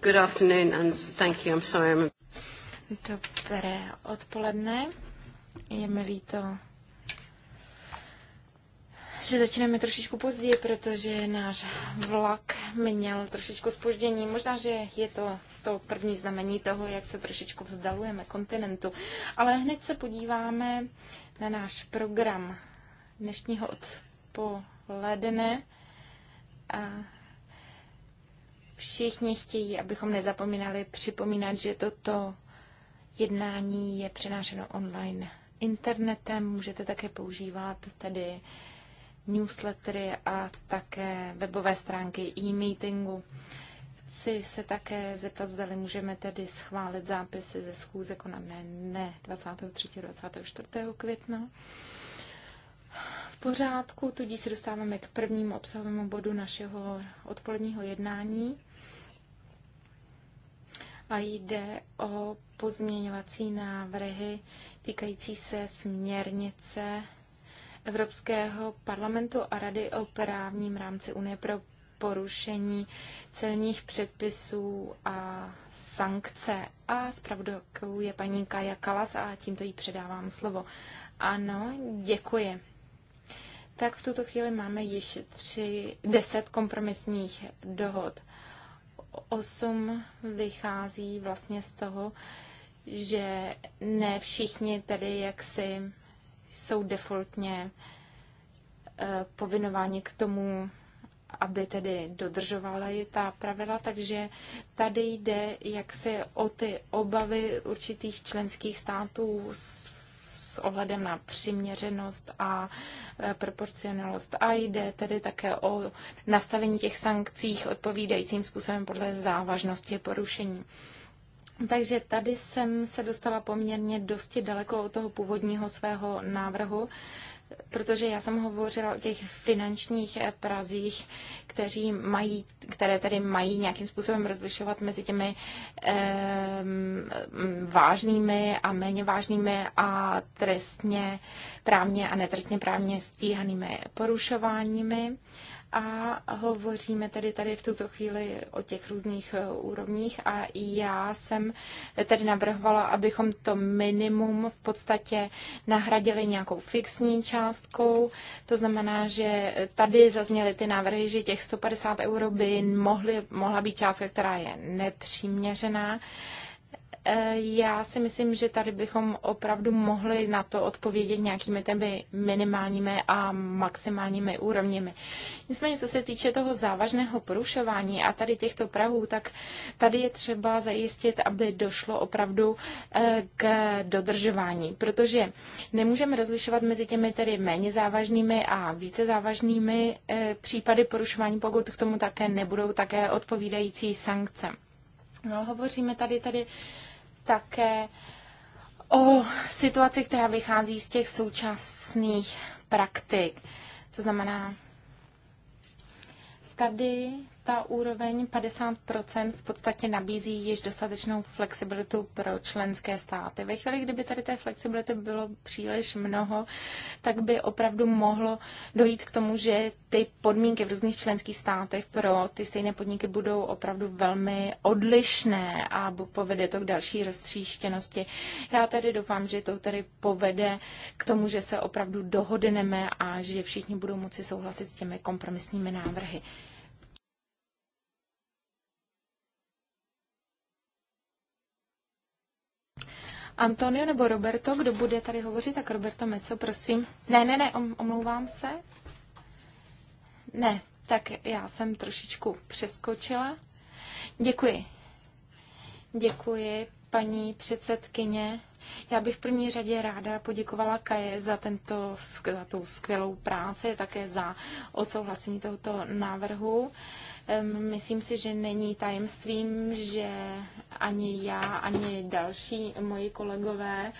Good afternoon and thank you. I'm sorry. I'm... Dobré odpoledne. Je mi líto, že začínáme trošičku později, protože náš vlak měl trošičku spoždění. Možná, že je to to první znamení toho, jak se trošičku vzdalujeme kontinentu. Ale hned se podíváme na náš program dnešního odpoledne a Všichni chtějí, abychom nezapomínali připomínat, že toto jednání je přenášeno online internetem. Můžete také používat tady newslettery a také webové stránky e-meetingu. Chci se také zeptat, zda můžeme tedy schválit zápisy ze schůze konané ne 23. 24. května. V pořádku, tudíž se dostáváme k prvnímu obsahovému bodu našeho odpoledního jednání a jde o pozměňovací návrhy týkající se směrnice Evropského parlamentu a Rady o právním rámci Unie pro porušení celních předpisů a sankce. A zpravodajkou je paní Kaja Kalas a tímto jí předávám slovo. Ano, děkuji. Tak v tuto chvíli máme již tři, deset kompromisních dohod. 8 vychází vlastně z toho, že ne všichni tedy jaksi jsou defaultně eh, povinováni k tomu, aby tedy dodržovali ta pravidla, takže tady jde jaksi o ty obavy určitých členských států z ohledem na přiměřenost a e, proporcionalnost. A jde tedy také o nastavení těch sankcích odpovídajícím způsobem podle závažnosti porušení. Takže tady jsem se dostala poměrně dosti daleko od toho původního svého návrhu protože já jsem hovořila o těch finančních eh, prazích, kteří mají, které tady mají nějakým způsobem rozlišovat mezi těmi eh, vážnými a méně vážnými a trestně právně a netrestně právně stíhanými porušováními. Eh, a hovoříme tedy tady v tuto chvíli o těch různých eh, úrovních a já jsem tedy navrhovala, abychom to minimum v podstatě nahradili nějakou fixní částkou. To znamená, že tady zazněly ty návrhy, že těch 150 euro by mohly, mohla být částka, která je nepřiměřená. Eh, já si myslím, že tady bychom opravdu mohli na to odpovědět nějakými těmi minimálními a maximálními úrovněmi. Nicméně, co se týče toho závažného porušování a tady těchto pravů, tak tady je třeba zajistit, aby došlo opravdu eh, k dodržování, protože nemůžeme rozlišovat mezi těmi tedy méně závažnými a více závažnými eh, případy porušování, pokud k tomu také nebudou také odpovídající sankce. No, hovoříme tady tady také o situaci, která vychází z těch současných praktik. To znamená, tady ta úroveň 50% v podstatě nabízí již dostatečnou flexibilitu pro členské státy. Ve chvíli, kdyby tady té flexibility bylo příliš mnoho, tak by opravdu mohlo dojít k tomu, že ty podmínky v různých členských státech pro ty stejné podniky budou opravdu velmi odlišné a povede to k další roztříštěnosti. Já tedy doufám, že to tedy povede k tomu, že se opravdu dohodneme a že všichni budou moci souhlasit s těmi kompromisními návrhy. Antonio nebo Roberto, kdo bude tady hovořit, tak Roberto Meco, prosím. Ne, ne, ne, omlouvám se. Ne, tak já jsem trošičku přeskočila. Děkuji. Děkuji, paní předsedkyně. Já bych v první řadě ráda poděkovala Kaje za, tento, za tu skvělou práci, také za odsouhlasení tohoto návrhu. Myslím si, že není tajemstvím, že ani já, ani další moji kolegové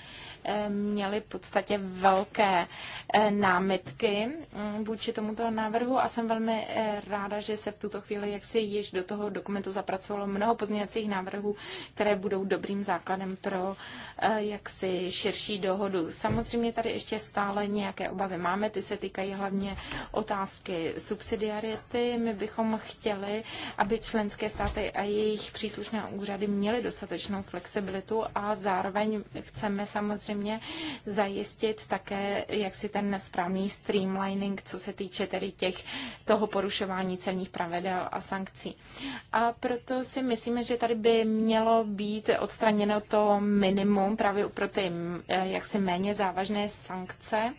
Eh, měli v podstatě velké eh, námitky mm, vůči tomuto návrhu a jsem velmi eh, ráda, že se v tuto chvíli jak si již do toho dokumentu zapracovalo mnoho pozměňovacích návrhů, které budou dobrým základem pro jaksi širší dohodu. Samozřejmě tady ještě stále nějaké obavy máme, ty se týkají hlavně otázky subsidiarity. My bychom chtěli, aby členské státy a jejich příslušné úřady měly dostatečnou flexibilitu a zároveň chceme samozřejmě samozřejmě zajistit také jak si ten správný streamlining, co se týče tedy těch toho porušování celních pravidel a sankcí. A proto si myslíme, že tady by mělo být odstraněno to minimum právě pro ty eh, jaksi méně závažné sankce,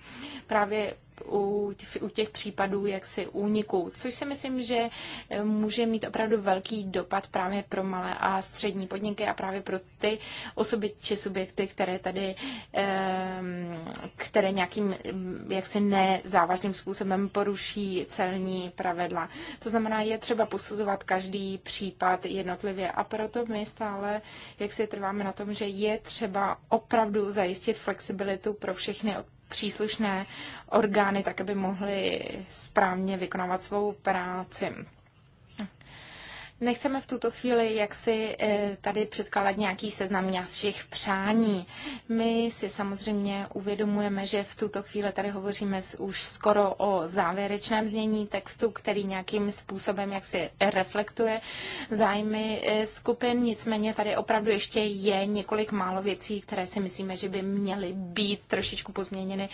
právě u, u těch případů jaksi úniků, což si myslím, že eh, může mít opravdu velký dopad právě pro malé a střední podniky a právě pro ty osoby či subjekty, které tady, ehm, které nějakým mm, jaksi nezávažným způsobem poruší celní pravidla. To znamená, je třeba posuzovat každý případ jednotlivě a proto my stále, jak si trváme na tom, že je třeba opravdu zajistit flexibilitu pro všechny příslušné orgány, tak aby mohly správně vykonávat svou práci. Nechceme v tuto chvíli jak si eh, tady předkládat nějaký seznam našich přání. My si samozřejmě uvědomujeme, že v tuto chvíli tady hovoříme už skoro o závěrečném znění textu, který nějakým způsobem jak si reflektuje zájmy eh, skupin. Nicméně tady opravdu ještě je několik málo věcí, které si myslíme, že by měly být trošičku pozměněny.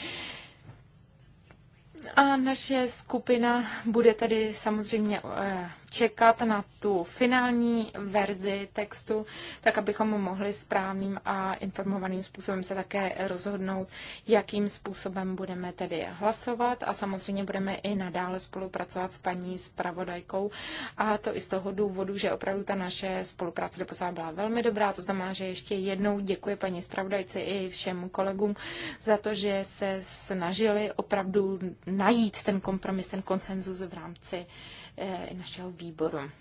A naše skupina bude tady samozřejmě eh, čekat na tu finální verzi textu, tak abychom mohli správným a informovaným způsobem se také rozhodnout, jakým způsobem budeme tedy hlasovat a samozřejmě budeme i nadále spolupracovat s paní zpravodajkou a to i z toho důvodu, že opravdu ta naše spolupráce doposud byla velmi dobrá, to znamená, že ještě jednou děkuji paní zpravodajci i všem kolegům za to, že se snažili opravdu najít ten kompromis, ten konsenzus v rámci Eh, našeho výboru.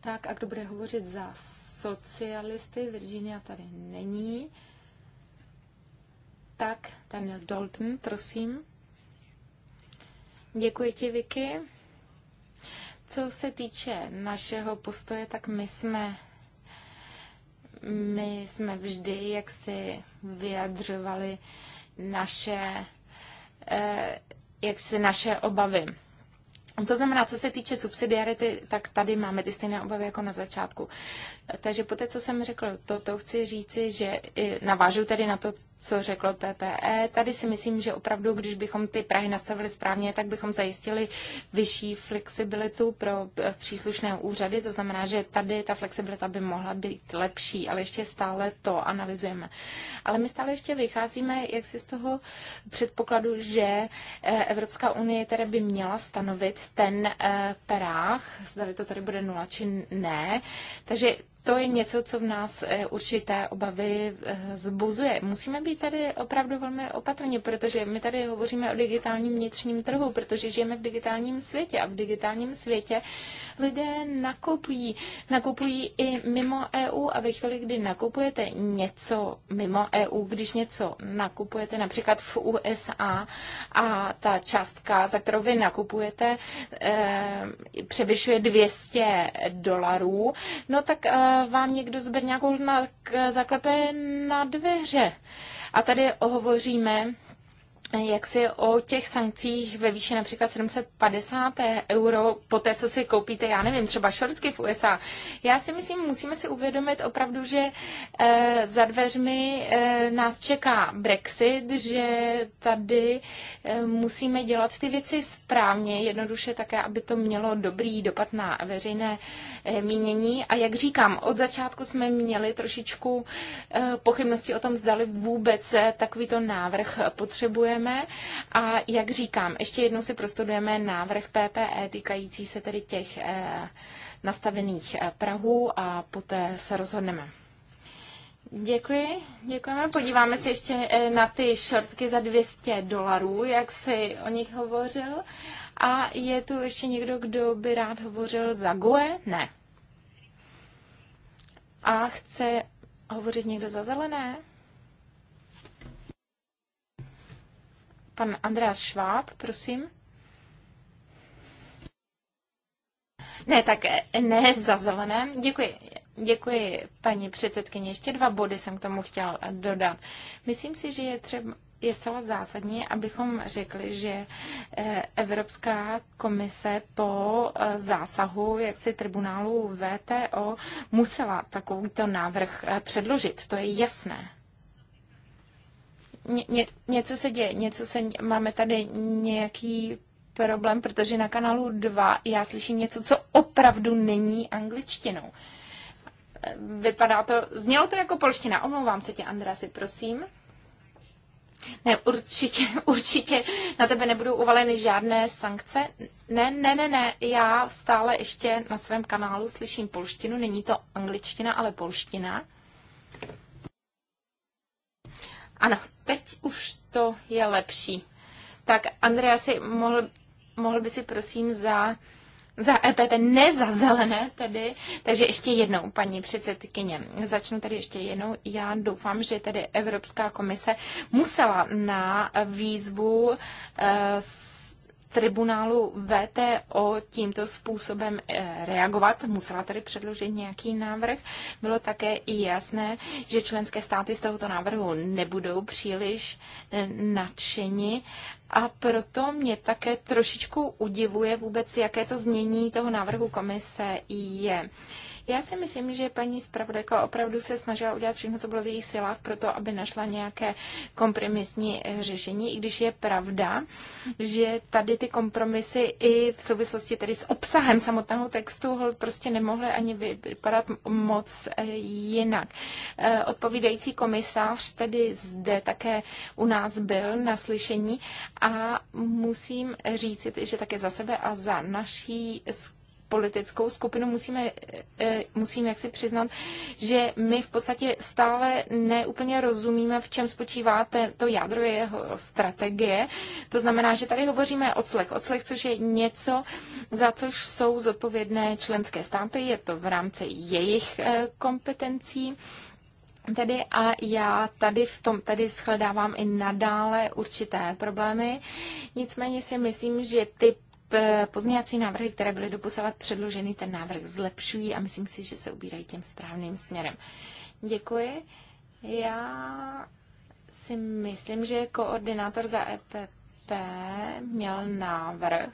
Tak a kdo bude hovořit za socialisty? Virginia tady není. Tak, Daniel Dalton, prosím. Děkuji ti, Vicky. Co se týče našeho postoje, tak my jsme my jsme vždy jak si vyjadřovali naše, eh, jak si naše obavy. To znamená, co se týče subsidiarity, tak tady máme ty stejné obavy jako na začátku. Takže po té, co jsem řekl, to, to chci říci, že navážu tedy na to, co řeklo PPE. Tady si myslím, že opravdu, když bychom ty Prahy nastavili správně, tak bychom zajistili vyšší flexibilitu pro e, příslušné úřady. To znamená, že tady ta flexibilita by mohla být lepší, ale ještě stále to analyzujeme. Ale my stále ještě vycházíme, jak si z toho předpokladu, že e, Evropská unie tedy by měla stanovit ten uh, eh, perách, zda to tady bude nula či ne. Takže to je něco, co v nás eh, určité obavy eh, zbuzuje. Musíme být tady opravdu velmi opatrně, protože my tady hovoříme o digitálním vnitřním trhu, protože žijeme v digitálním světě a v digitálním světě lidé nakupují. Nakupují i mimo EU a ve chvíli, kdy nakupujete něco mimo EU, když něco nakupujete například v USA a ta částka, za kterou vy nakupujete, eh, převyšuje 200 dolarů, no tak vám někdo z nějakou zaklepe na dveře. A tady hovoříme jak si o těch sankcích ve výši například 750 euro po té, co si koupíte, já nevím, třeba šortky v USA. Já si myslím, musíme si uvědomit opravdu, že eh, za dveřmi eh, nás čeká Brexit, že tady eh, musíme dělat ty věci správně, jednoduše také, aby to mělo dobrý dopad na veřejné eh, mínění. A jak říkám, od začátku jsme měli trošičku eh, pochybnosti o tom, zdali vůbec eh, takovýto návrh potřebuje pracujeme a jak říkám, ještě jednou si prostudujeme návrh PPE týkající se tedy těch eh, nastavených eh, Prahů a poté se rozhodneme. Děkuji, děkujeme. Podíváme se ještě eh, na ty šortky za 200 dolarů, jak si o nich hovořil. A je tu ještě někdo, kdo by rád hovořil za GUE? Ne. A chce hovořit někdo za zelené? Pan Andreas Šváb, prosím. Ne, tak eh, ne za zelené. Děkuji. Děkuji, paní předsedkyně. Ještě dva body jsem k tomu chtěla dodat. Myslím si, že je třeba je zcela zásadní, abychom řekli, že eh, Evropská komise po eh, zásahu jaksi tribunálu VTO musela takovýto návrh předložit. To je jasné ně, něco se děje, něco se, máme tady nějaký problém, protože na kanálu 2 já slyším něco, co opravdu není angličtinou. Vypadá to, znělo to jako polština, omlouvám se tě, Andrasi, prosím. Ne, určitě, určitě na tebe nebudou uvaleny žádné sankce. Ne, ne, ne, ne, já stále ještě na svém kanálu slyším polštinu, není to angličtina, ale polština. Ano, teď už to je lepší. Tak Andrea si mohl, mohl by si prosím za, za EPT, ne za zelené tedy, takže ještě jednou, paní předsedkyně, začnu tady ještě jednou. Já doufám, že tedy Evropská komise musela na výzvu eh, tribunálu VTO tímto způsobem eh, reagovat, musela tedy předložit nějaký návrh. Bylo také i jasné, že členské státy z tohoto návrhu nebudou příliš eh, nadšeni a proto mě také trošičku udivuje vůbec, jaké to znění toho návrhu komise je. Já si myslím, že paní zpravodajka opravdu se snažila udělat všechno, co bylo v jejich silách, proto aby našla nějaké kompromisní eh, řešení, i když je pravda, že tady ty kompromisy i v souvislosti tedy s obsahem samotného textu prostě nemohly ani vypadat moc eh, jinak. Eh, odpovídající komisář tedy zde také u nás byl na slyšení a musím říct, že také za sebe a za naší skupinu politickou skupinu musíme, e, musíme jaksi přiznat, že my v podstatě stále neúplně rozumíme, v čem spočívá to jádro jeho strategie. To znamená, že tady hovoříme o clech. O clech, což je něco, za což jsou zodpovědné členské státy. Je to v rámci jejich e, kompetencí. Tedy a já tady v tom tady shledávám i nadále určité problémy. Nicméně si myslím, že ty pozměňací návrhy, které byly doposavat předloženy, ten návrh zlepšují a myslím si, že se ubírají tím správným směrem. Děkuji. Já si myslím, že koordinátor za EPP měl návrh,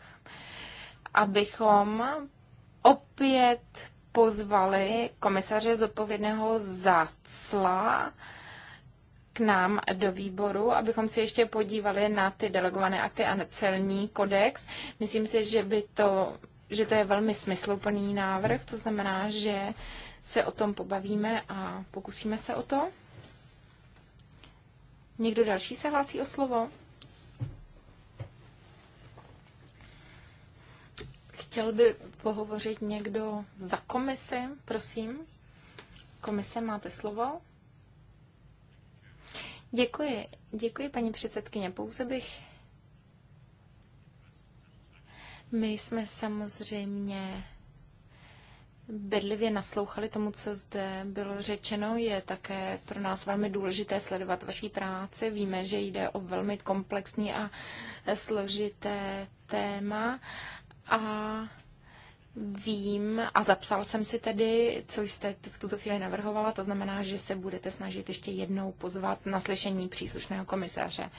abychom opět pozvali komisaře zodpovědného za cla k nám do výboru, abychom si ještě podívali na ty delegované akty a na celní kodex. Myslím si, že by to, že to je velmi smysluplný návrh, to znamená, že se o tom pobavíme a pokusíme se o to. Někdo další se hlásí o slovo? Chtěl by pohovořit někdo za komisi, prosím. Komise, máte slovo. Děkuji, děkuji paní předsedkyně. Pouze bych my jsme samozřejmě bedlivě naslouchali tomu, co zde bylo řečeno. Je také pro nás velmi důležité sledovat vaší práci. Víme, že jde o velmi komplexní a složité téma. A vím a zapsal jsem si tedy, co jste v tuto chvíli navrhovala, to znamená, že se budete snažit ještě jednou pozvat na slyšení příslušného komisaře.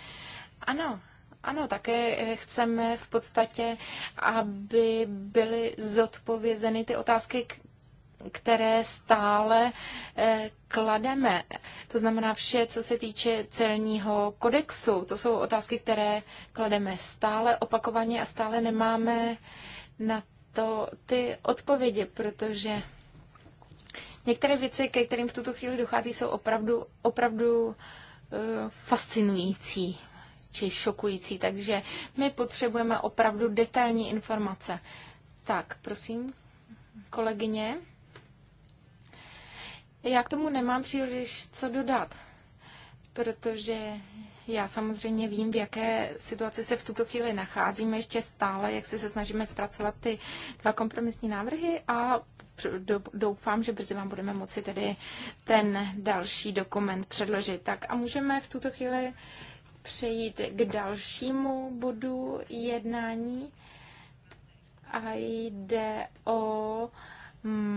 Ano, ano, také eh, chceme v podstatě, aby byly zodpovězeny ty otázky, které stále eh, klademe. To znamená vše, co se týče celního kodexu. To jsou otázky, které klademe stále opakovaně a stále nemáme na to, ty odpovědi, protože některé věci, ke kterým v tuto chvíli dochází, jsou opravdu, opravdu eh, fascinující či šokující, takže my potřebujeme opravdu detailní informace. Tak, prosím, kolegyně. Já k tomu nemám příliš co dodat, protože já samozřejmě vím, v jaké situaci se v tuto chvíli nacházíme ještě stále, jak si se snažíme zpracovat ty dva kompromisní návrhy a doufám, že brzy vám budeme moci tedy ten další dokument předložit. Tak a můžeme v tuto chvíli přejít k dalšímu bodu jednání a jde o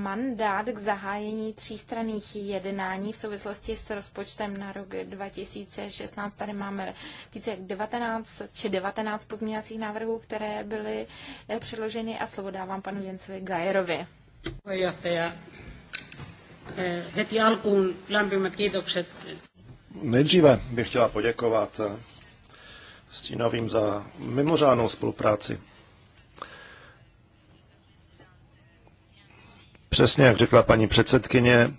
mandát k zahájení třístranných jednání v souvislosti s rozpočtem na rok 2016. Tady máme více jak 19 či 19 pozměňovacích návrhů, které byly eh, předloženy a slovo dávám panu Jensovi Gajerovi. Eh, Nejdříve bych chtěla poděkovat eh, stínovým za mimořádnou spolupráci. Přesně jak řekla paní předsedkyně,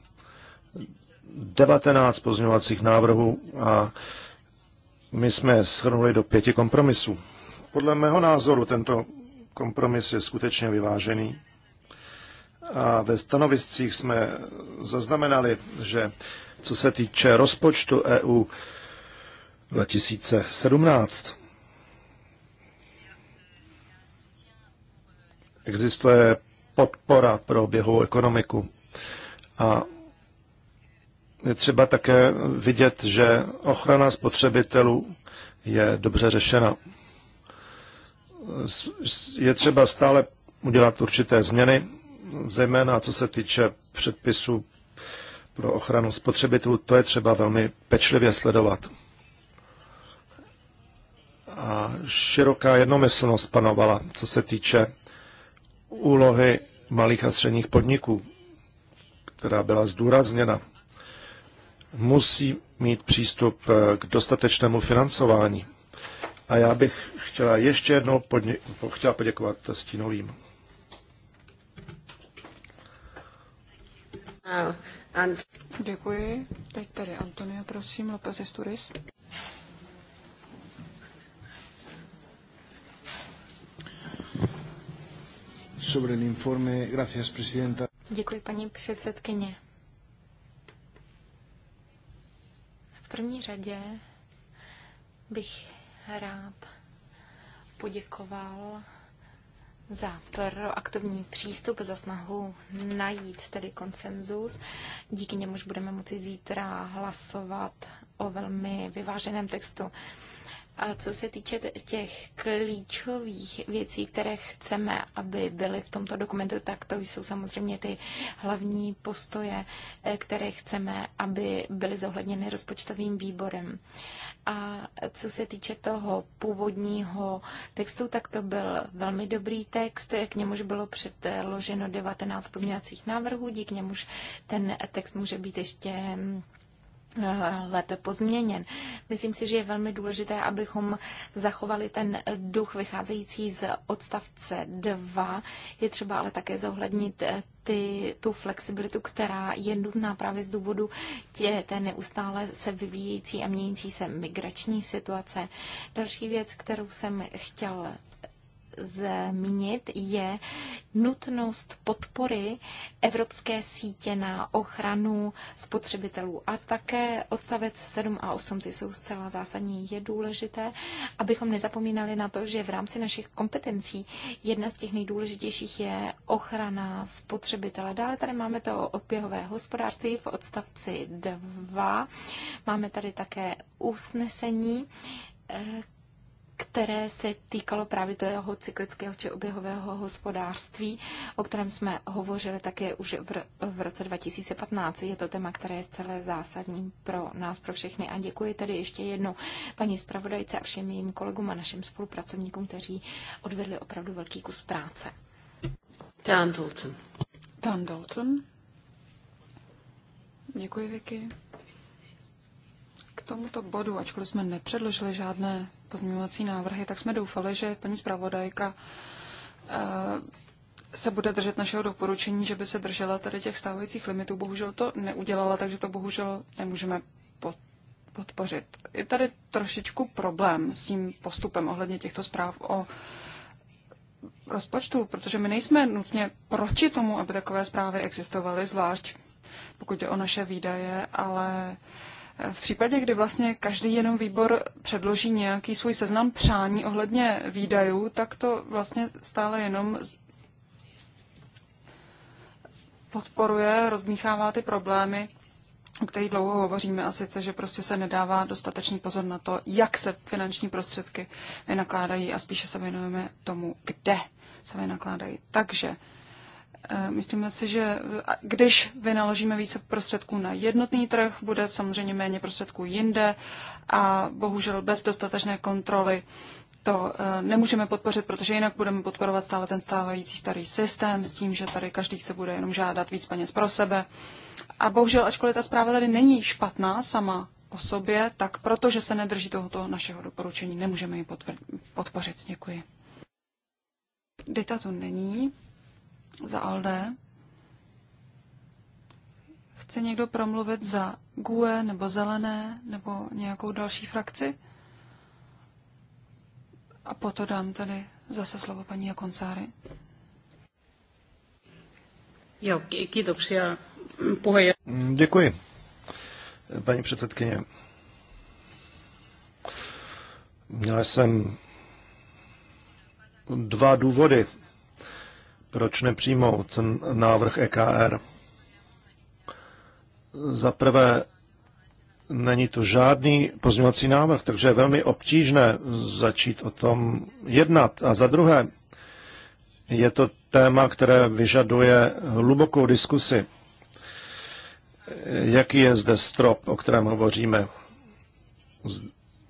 19 pozměňovacích návrhů a my jsme shrnuli do pěti kompromisů. Podle mého názoru tento kompromis je skutečně vyvážený. A ve stanoviscích jsme zaznamenali, že co se týče rozpočtu EU 2017, existuje podpora pro běhovou ekonomiku. A je třeba také vidět, že ochrana spotřebitelů je dobře řešena. Je třeba stále udělat určité změny, zejména co se týče předpisů pro ochranu spotřebitelů. To je třeba velmi pečlivě sledovat. A široká jednomyslnost panovala, co se týče úlohy malých a středních podniků, která byla zdůrazněna. Musí mít přístup eh, k dostatečnému financování. A já bych chtěla ještě jednou podně- chtěla poděkovat stínovým. Děkuji. Teď tady Antonio, prosím, Lopez Turis. sobre el informe. Gracias, presidenta. Děkuji, paní předsedkyně. V první řadě bych rád poděkoval za proaktivní přístup, za snahu najít tedy konsenzus. Díky němuž budeme moci zítra hlasovat o velmi vyváženém textu. A co se týče těch klíčových věcí, které chceme, aby byly v tomto dokumentu, tak to jsou samozřejmě ty hlavní postoje, eh, které chceme, aby byly zohledněny rozpočtovým výborem. A co se týče toho původního textu, tak to byl velmi dobrý text, k němuž bylo předloženo 19 pozměňovacích návrhů, díky němuž ten text může být ještě hm, Eh, lépe pozměněn. Myslím si, že je velmi důležité, abychom zachovali ten duch vycházející z odstavce 2. Je třeba ale také zohlednit eh, ty, tu flexibilitu, která je nutná právě z důvodu tě, té neustále se vyvíjející a měnící se migrační situace. Další věc, kterou jsem chtěl zmínit, je nutnost podpory Evropské sítě na ochranu spotřebitelů. A také odstavec 7 a 8, ty jsou zcela zásadní. Je důležité, abychom nezapomínali na to, že v rámci našich kompetencí jedna z těch nejdůležitějších je ochrana spotřebitele. Dále tady máme to oběhové hospodářství v odstavci 2. Máme tady také usnesení, eh, které se týkalo právě toho cyklického či oběhového hospodářství, o kterém jsme hovořili také už v, roce 2015. Je to téma, které je celé zásadní pro nás, pro všechny. A děkuji tedy ještě jednou paní zpravodajce a všem jejím kolegům a našim spolupracovníkům, kteří odvedli opravdu velký kus práce. Dan Dalton. Dan Dalton. Děkuji, Vicky. K tomuto bodu, ačkoliv jsme nepředložili žádné pozměňovací návrhy, tak jsme doufali, že paní zpravodajka eh, se bude držet našeho doporučení, že by se držela tady těch stávajících limitů. Bohužel to neudělala, takže to bohužel nemůžeme podpořit. Je tady trošičku problém s tím postupem ohledně těchto zpráv o rozpočtu, protože my nejsme nutně proti tomu, aby takové zprávy existovaly, zvlášť pokud jde o naše výdaje, ale uh, v případě, kdy vlastně každý jenom výbor předloží nějaký svůj seznam přání ohledně výdajů, tak to vlastně stále jenom podporuje, rozmíchává ty problémy, o kterých dlouho hovoříme, a sice, že prostě se nedává dostatečný pozor na to, jak se finanční prostředky vynakládají a spíše se věnujeme tomu, kde se vynakládají. Takže Eh, myslíme si, že když vynaložíme více prostředků na jednotný trh, bude samozřejmě méně prostředků jinde a bohužel bez dostatečné kontroly to eh, nemůžeme podpořit, protože jinak budeme podporovat stále ten stávající starý systém s tím, že tady každý se bude jenom žádat víc peněz pro sebe. A bohužel, ačkoliv ta zpráva tady není špatná sama o sobě, tak protože se nedrží tohoto našeho doporučení, nemůžeme ji podpořit. Děkuji. Data tu není za ALDE. Chce někdo promluvit za GUE nebo Zelené nebo nějakou další frakci? A potom dám tady zase slovo paní Jakonsáry. Děkuji, paní předsedkyně. Měl jsem dva důvody proč nepřijmout návrh EKR. Za prvé, není to žádný pozměňovací návrh, takže je velmi obtížné začít o tom jednat. A za druhé, je to téma, které vyžaduje hlubokou diskusi. Jaký je zde strop, o kterém hovoříme?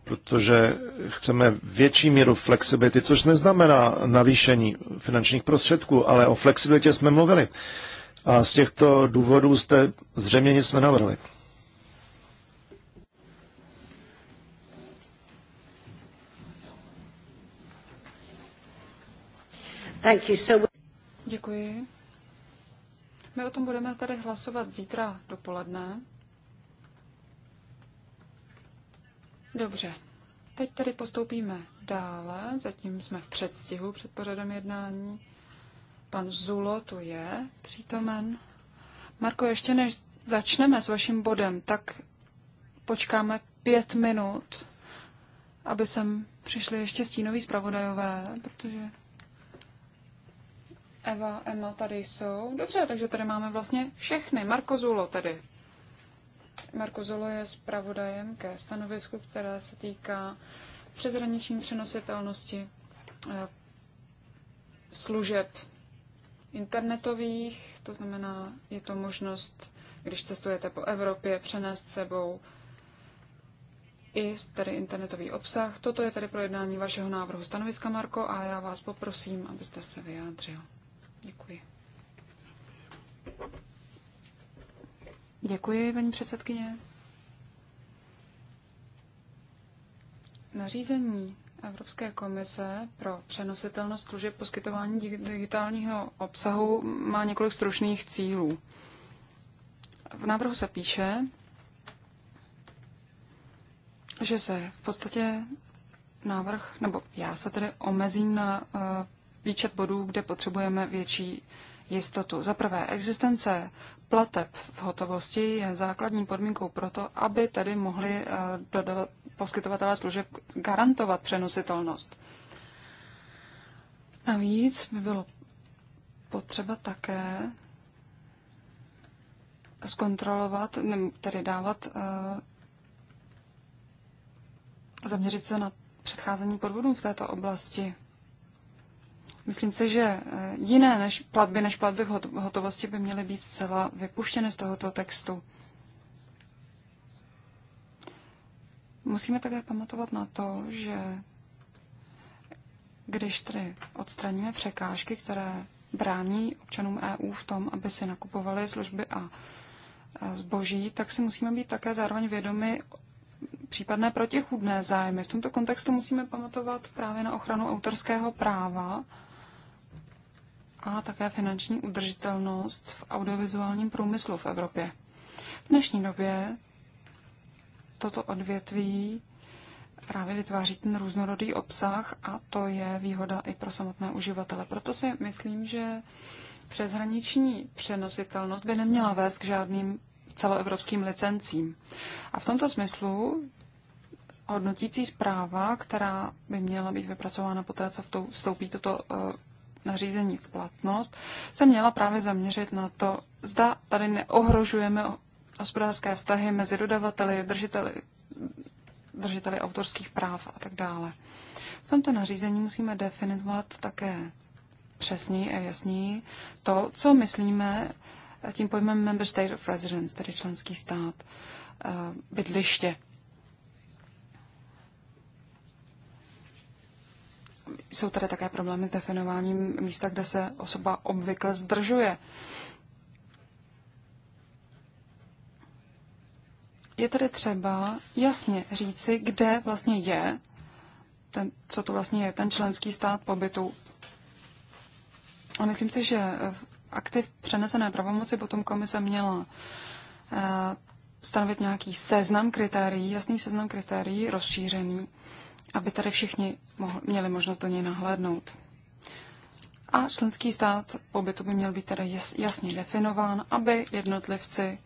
protože chceme větší míru flexibility, což neznamená navýšení finančních prostředků, ale o flexibilitě jsme mluvili. A z těchto důvodů jste zřejmě nic nenavrhli. Děkuji. My o tom budeme tady hlasovat zítra dopoledne. Dobře, teď tedy postoupíme dále, zatím jsme v předstihu před pořadem jednání. Pan Zulo tu je přítomen. Marko, ještě než začneme s vaším bodem, tak počkáme pět minut, aby sem přišli ještě stínoví zpravodajové, protože Eva, Emma tady jsou. Dobře, takže tady máme vlastně všechny. Marko Zulo tedy Marko Zolo je zpravodajem ke stanovisku, které se týká přeshraniční přenositelnosti eh, služeb internetových, to znamená, je to možnost, když cestujete po Evropě, přenést sebou i tedy internetový obsah. Toto je tedy projednání vašeho návrhu stanoviska, Marko, a já vás poprosím, abyste se vyjádřil. Děkuji. Děkuji, paní předsedkyně. Nařízení Evropské komise pro přenositelnost služeb poskytování digitálního obsahu má několik stručných cílů. V návrhu se píše, že se v podstatě návrh, nebo já se tedy omezím na eh, výčet bodů, kde potřebujeme větší jistotu. Za prvé, existence plateb v hotovosti je základní podmínkou pro to, aby tedy mohli eh, poskytovatelé služeb garantovat přenositelnost. Navíc by bylo potřeba také zkontrolovat, nebo tedy dávat, eh, zaměřit se na předcházení podvodům v této oblasti. Myslím si, že eh, jiné než platby než platby v hotovosti by měly být zcela vypuštěny z tohoto textu. Musíme také pamatovat na to, že když tedy odstraníme překážky, které brání občanům EU v tom, aby si nakupovali služby a zboží, tak si musíme být také zároveň vědomi případné protichudné zájmy. V tomto kontextu musíme pamatovat právě na ochranu autorského práva a také finanční udržitelnost v audiovizuálním průmyslu v Evropě. V dnešní době toto odvětví právě vytváří ten různorodý obsah a to je výhoda i pro samotné uživatele. Proto si myslím, že přeshraniční přenositelnost by neměla vést k žádným celoevropským licencím. A v tomto smyslu hodnotící zpráva, která by měla být vypracována poté, co vstoupí toto eh, nařízení v platnost, se měla právě zaměřit na to, zda tady neohrožujeme hospodářské vztahy mezi dodavateli, držiteli, držiteli autorských práv a tak dále. V tomto nařízení musíme definovat také přesněji a jasněji to, co myslíme tím pojmem Member State of Residence, tedy členský stát, eh, bydliště. Jsou tady také problémy s definováním místa, kde se osoba obvykle zdržuje. Je tedy třeba jasně říci, kde vlastně je, ten, co to vlastně je, ten členský stát pobytu. A myslím si, že aktiv přenesené pravomoci potom komise měla eh, stanovit nějaký seznam kritérií, jasný seznam kritérií, rozšířený, aby tady všichni mohli, měli možnost do něj nahlédnout. A členský stát pobytu by měl být tedy jasně definován, aby jednotlivci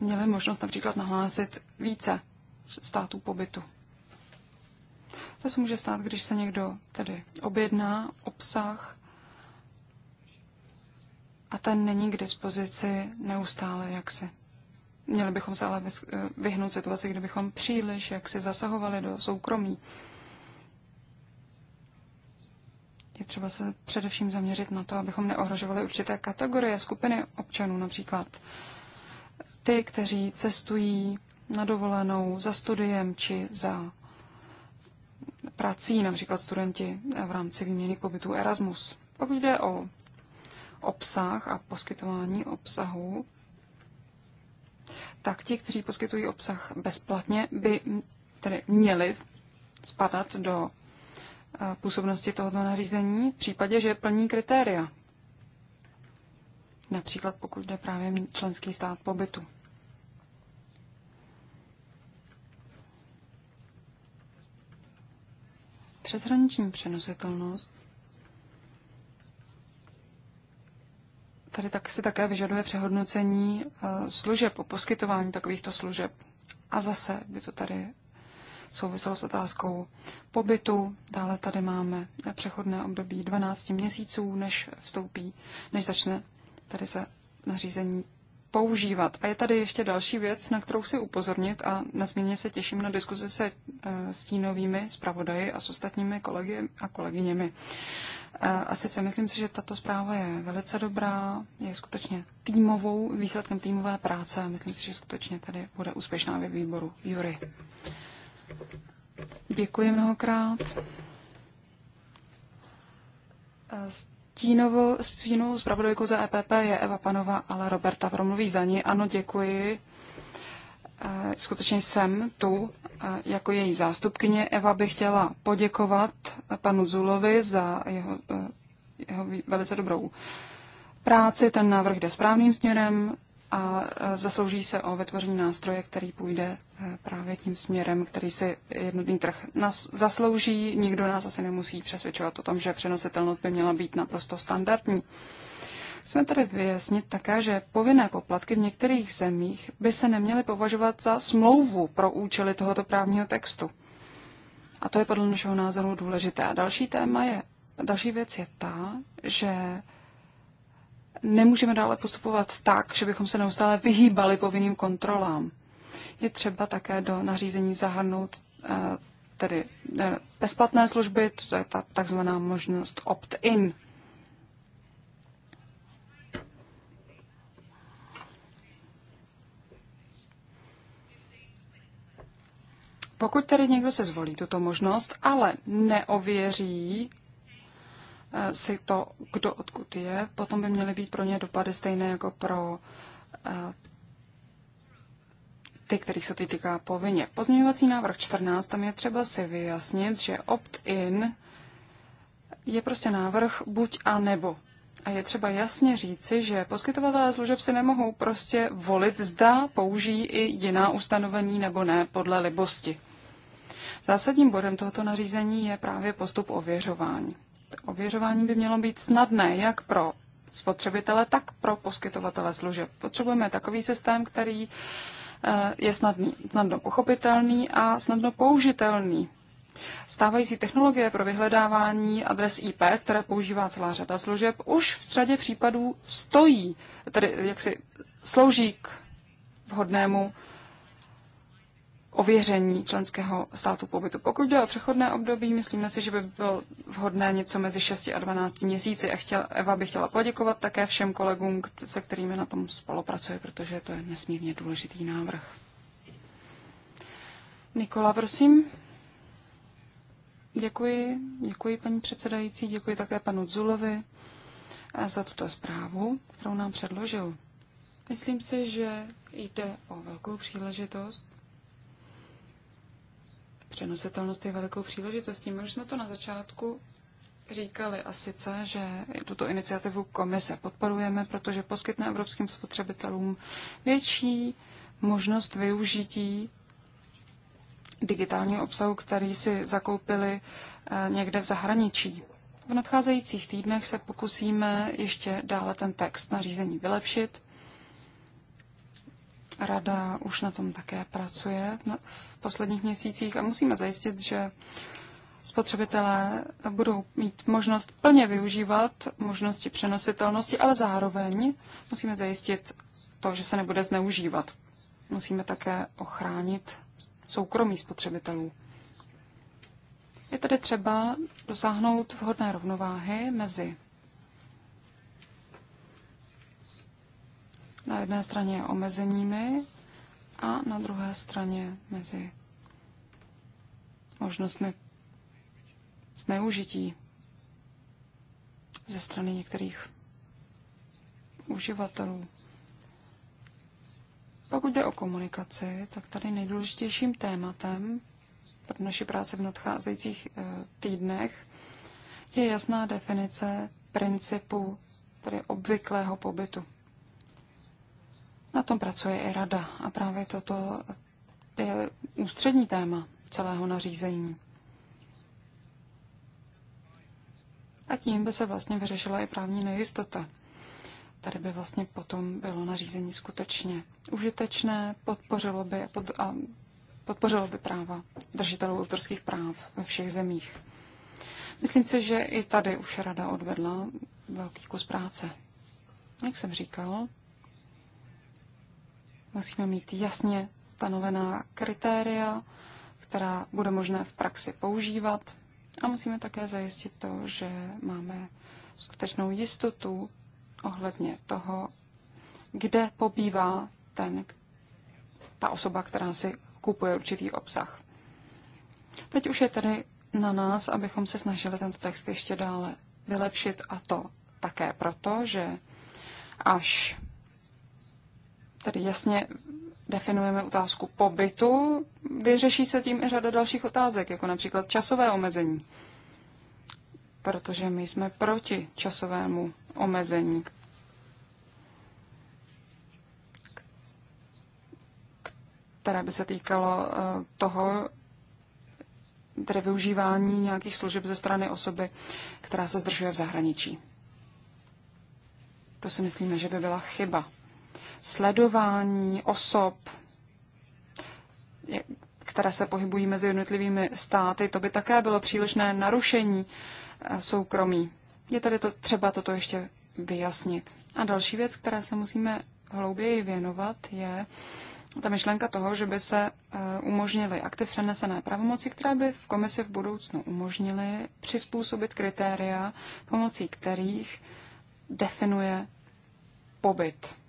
měli možnost například nahlásit více států pobytu. To se může stát, když se někdo tedy objedná obsah a ten není k dispozici neustále jaksi. Měli bychom se ale vyhnout situaci, kdybychom příliš si zasahovali do soukromí. Je třeba se především zaměřit na to, abychom neohrožovali určité kategorie, skupiny občanů, například ty, kteří cestují na dovolenou za studiem či za prací, například studenti v rámci výměny pobytu Erasmus. Pokud jde o obsah a poskytování obsahu, tak ti, kteří poskytují obsah bezplatně, by tedy měli spadat do eh, působnosti tohoto nařízení v případě, že plní kritéria. Například pokud jde právě členský stát pobytu. Přeshraniční přenositelnost tady tak si také vyžaduje přehodnocení eh, služeb, o poskytování takovýchto služeb. A zase by to tady souviselo s otázkou pobytu. Dále tady máme přechodné období 12 měsíců, než vstoupí, než začne tady se nařízení používat. A je tady ještě další věc, na kterou si upozornit a nezmíně se těším na diskuzi se eh, stínovými zpravodaji a s ostatními kolegy a kolegyněmi. Eh, a sice myslím si, že tato zpráva je velice dobrá, je skutečně týmovou, výsledkem týmové práce a myslím si, že skutečně tady bude úspěšná ve výboru Jury. Děkuji mnohokrát. Eh, Tínovou stínovou zpravodajkou za EPP je Eva Panova, ale Roberta promluví za ní. Ano, děkuji. E, skutečně jsem tu e, jako její zástupkyně. Eva by chtěla poděkovat panu Zulovi za jeho, e, jeho velice dobrou práci. Ten návrh jde správným směrem a zaslouží se o vytvoření nástroje, který půjde e, právě tím směrem, který si jednotný trh nás zaslouží. Nikdo nás asi nemusí přesvědčovat o tom, že přenositelnost by měla být naprosto standardní. Chceme tady vyjasnit také, že povinné poplatky v některých zemích by se neměly považovat za smlouvu pro účely tohoto právního textu. A to je podle našeho názoru důležité. A další téma je, další věc je ta, že nemůžeme dále postupovat tak, že bychom se neustále vyhýbali povinným kontrolám. Je třeba také do nařízení zahrnout eh, tedy eh, bezplatné služby, to je ta takzvaná možnost opt-in. Pokud tedy někdo se zvolí tuto možnost, ale neověří si to, kdo odkud je, potom by měly být pro ně dopady stejné jako pro eh, ty, kterých se to týká povinně. Pozměňovací návrh 14, tam je třeba si vyjasnit, že opt-in je prostě návrh buď a nebo. A je třeba jasně říci, že poskytovatelé služeb si nemohou prostě volit, zda použijí i jiná ustanovení nebo ne podle libosti. Zásadním bodem tohoto nařízení je právě postup ověřování ověřování by mělo být snadné jak pro spotřebitele, tak pro poskytovatele služeb. Potřebujeme takový systém, který eh, je snadný, snadno pochopitelný a snadno použitelný. Stávající technologie pro vyhledávání adres IP, které používá celá řada služeb, už v řadě případů stojí, tedy jak si slouží k vhodnému ověření členského státu pobytu. Pokud jde o přechodné období, myslíme si, že by bylo vhodné něco mezi 6 a 12 měsíci a chtěl, Eva by chtěla poděkovat také všem kolegům, se kterými na tom spolupracuje, protože to je nesmírně důležitý návrh. Nikola, prosím. Děkuji, děkuji paní předsedající, děkuji také panu Zulovi eh, za tuto zprávu, kterou nám předložil. Myslím si, že jde o velkou příležitost Přenositelnost je velikou příležitostí. My už jsme to na začátku říkali a sice, že tuto iniciativu komise podporujeme, protože poskytne evropským spotřebitelům větší možnost využití digitálního obsahu, který si zakoupili eh, někde v zahraničí. V nadcházejících týdnech se pokusíme ještě dále ten text na řízení vylepšit Rada už na tom také pracuje v posledních měsících a musíme zajistit, že spotřebitelé budou mít možnost plně využívat možnosti přenositelnosti, ale zároveň musíme zajistit to, že se nebude zneužívat. Musíme také ochránit soukromí spotřebitelů. Je tedy třeba dosáhnout vhodné rovnováhy mezi na jedné straně omezeními a na druhé straně mezi možnostmi zneužití ze strany některých uživatelů. Pokud jde o komunikaci, tak tady nejdůležitějším tématem pro naši práci v nadcházejících eh, týdnech je jasná definice principu tedy obvyklého pobytu. Na tom pracuje i rada a právě toto je ústřední téma celého nařízení. A tím by se vlastně vyřešila i právní nejistota. Tady by vlastně potom bylo nařízení skutečně užitečné, podpořilo by pod, a podpořilo by práva držitelů autorských práv ve všech zemích. Myslím si, že i tady už rada odvedla velký kus práce. Jak jsem říkal, Musíme mít jasně stanovená kritéria, která bude možné v praxi používat. A musíme také zajistit to, že máme skutečnou jistotu ohledně toho, kde pobývá ten, ta osoba, která si kupuje určitý obsah. Teď už je tedy na nás, abychom se snažili tento text ještě dále vylepšit a to také proto, že až Tady jasně definujeme otázku pobytu, vyřeší se tím i řada dalších otázek, jako například časové omezení. Protože my jsme proti časovému omezení, které by se týkalo eh, toho, tedy využívání nějakých služeb ze strany osoby, která se zdržuje v zahraničí. To si myslíme, že by byla chyba sledování osob, které se pohybují mezi jednotlivými státy, to by také bylo přílišné narušení eh, soukromí. Je tady to, třeba toto ještě vyjasnit. A další věc, které se musíme hlouběji věnovat, je ta myšlenka toho, že by se eh, umožnily aktiv přenesené pravomoci, které by v komisi v budoucnu umožnily přizpůsobit kritéria, pomocí kterých definuje pobyt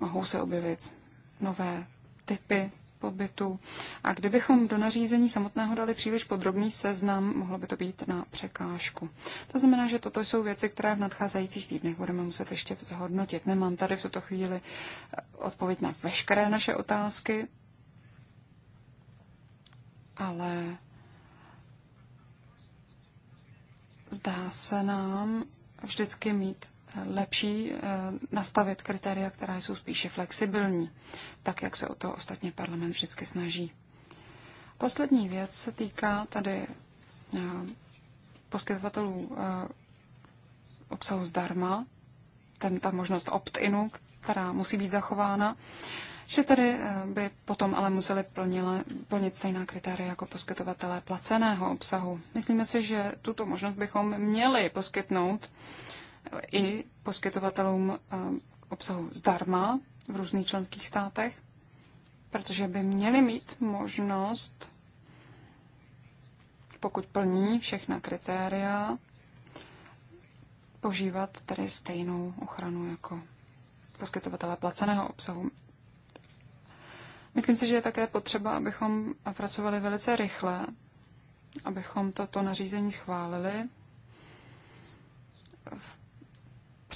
mohou se objevit nové typy pobytu. A kdybychom do nařízení samotného dali příliš podrobný seznam, mohlo by to být na překážku. To znamená, že toto jsou věci, které v nadcházejících týdnech budeme muset ještě zhodnotit. Nemám tady v tuto chvíli eh, odpověď na veškeré naše otázky, ale zdá se nám vždycky mít lepší eh, nastavit kritéria, která jsou spíše flexibilní, tak jak se o to ostatně parlament vždycky snaží. Poslední věc se týká tady eh, poskytovatelů eh, obsahu zdarma, ten, ta možnost opt-inu, která musí být zachována, že tedy by potom ale museli plnile, plnit stejná kritéria jako poskytovatelé placeného obsahu. Myslíme si, že tuto možnost bychom měli poskytnout i poskytovatelům eh, obsahu zdarma v různých členských státech, protože by měli mít možnost, pokud plní všechna kritéria, požívat tedy stejnou ochranu jako poskytovatelé placeného obsahu. Myslím si, že je také potřeba, abychom pracovali velice rychle, abychom toto nařízení schválili v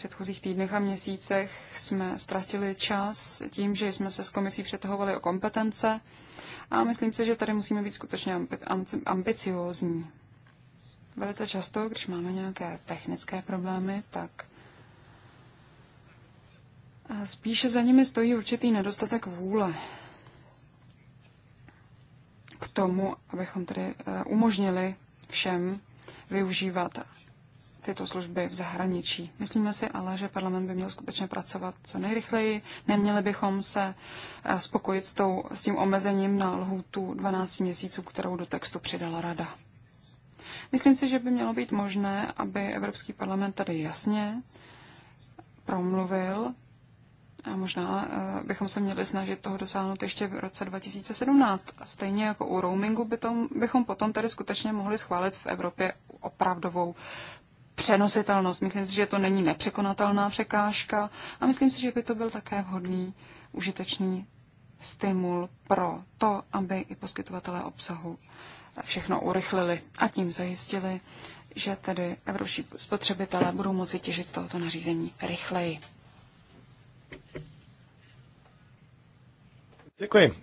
předchozích týdnech a měsících jsme ztratili čas tím, že jsme se s komisí přetahovali o kompetence a myslím si, že tady musíme být skutečně ambiciózní. Velice často, když máme nějaké technické problémy, tak eh, spíše za nimi stojí určitý nedostatek vůle k tomu, abychom tedy eh, umožnili všem využívat tyto služby v zahraničí. Myslíme si ale, že parlament by měl skutečně pracovat co nejrychleji. Neměli bychom se eh, spokojit s, tou, s tím omezením na lhůtu 12 měsíců, kterou do textu přidala Rada. Myslím si, že by mělo být možné, aby Evropský parlament tady jasně promluvil a možná eh, bychom se měli snažit toho dosáhnout ještě v roce 2017. A stejně jako u roamingu by tom, bychom potom tady skutečně mohli schválit v Evropě opravdovou přenositelnost. Myslím si, že to není nepřekonatelná překážka a myslím si, že by to byl také vhodný, užitečný stimul pro to, aby i poskytovatelé obsahu všechno urychlili a tím zajistili, že tedy evropští spotřebitelé budou moci těžit z tohoto nařízení rychleji. Děkuji.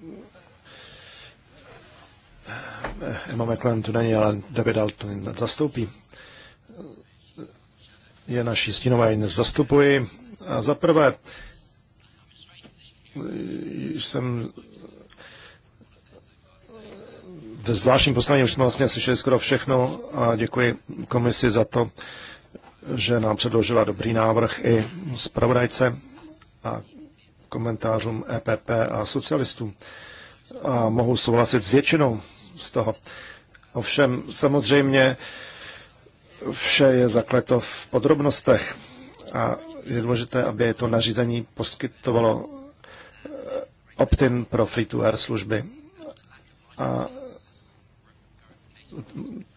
Emma McLean tu není, ale David Alton zastoupí je naší stínové, dnes zastupuji. A za prvé, jsem ve zvláštním poslání. už jsme vlastně slyšeli skoro všechno a děkuji komisi za to, že nám předložila dobrý návrh i zpravodajce a komentářům EPP a socialistů. A mohu souhlasit s většinou z toho. Ovšem, samozřejmě, Vše je zakleto v podrobnostech a je důležité, aby to nařízení poskytovalo eh, opt-in pro free-to-air služby. A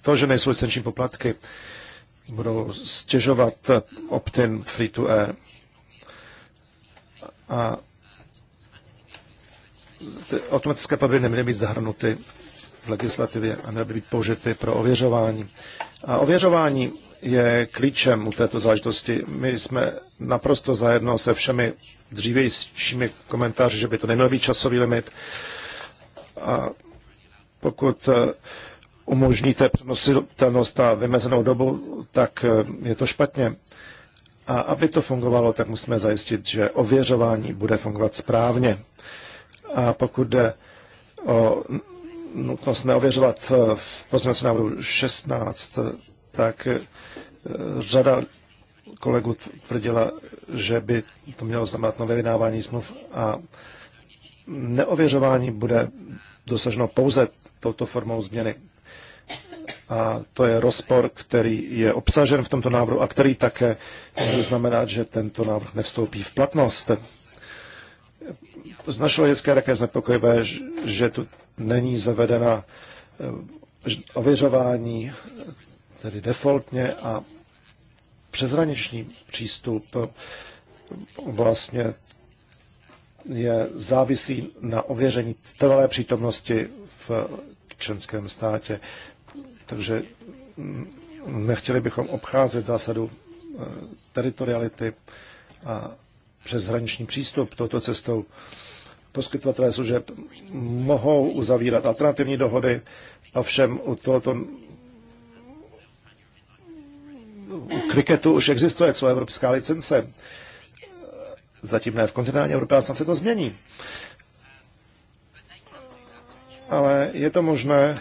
to, že nejsou licenční poplatky, budou stěžovat eh, opt-in free-to-air. A ty automatické platby neměly být zahrnuty v legislativě a měly by být použity pro ověřování. A ověřování je klíčem u této záležitosti. My jsme naprosto zajedno se všemi dřívějšími komentáři, že by to neměl být časový limit. A pokud eh, umožníte přenositelnost a vymezenou dobu, tak eh, je to špatně. A aby to fungovalo, tak musíme zajistit, že ověřování bude fungovat správně. A pokud jde o nutnost neověřovat v eh, pozměnce návrhu 16, tak eh, řada kolegů tvrdila, že by to mělo znamenat nové vydávání smluv a neověřování bude dosaženo pouze touto formou změny. A to je rozpor, který je obsažen v tomto návrhu a který také může znamenat, že tento návrh nevstoupí v platnost. Z našeho hlediska je také znepokojivé, že tu není zavedena eh, ověřování, tedy defaultně a přezraniční přístup eh, vlastně je závislý na ověření trvalé přítomnosti v členském státě. Takže mm, nechtěli bychom obcházet zásadu eh, teritoriality a přeshraniční přístup toto cestou. Poskytovatelé služeb mohou uzavírat alternativní dohody, ovšem u tohoto u kriketu už existuje celoevropská licence. Zatím ne v kontinentální Evropě, ale snad se to změní. Ale je to možné,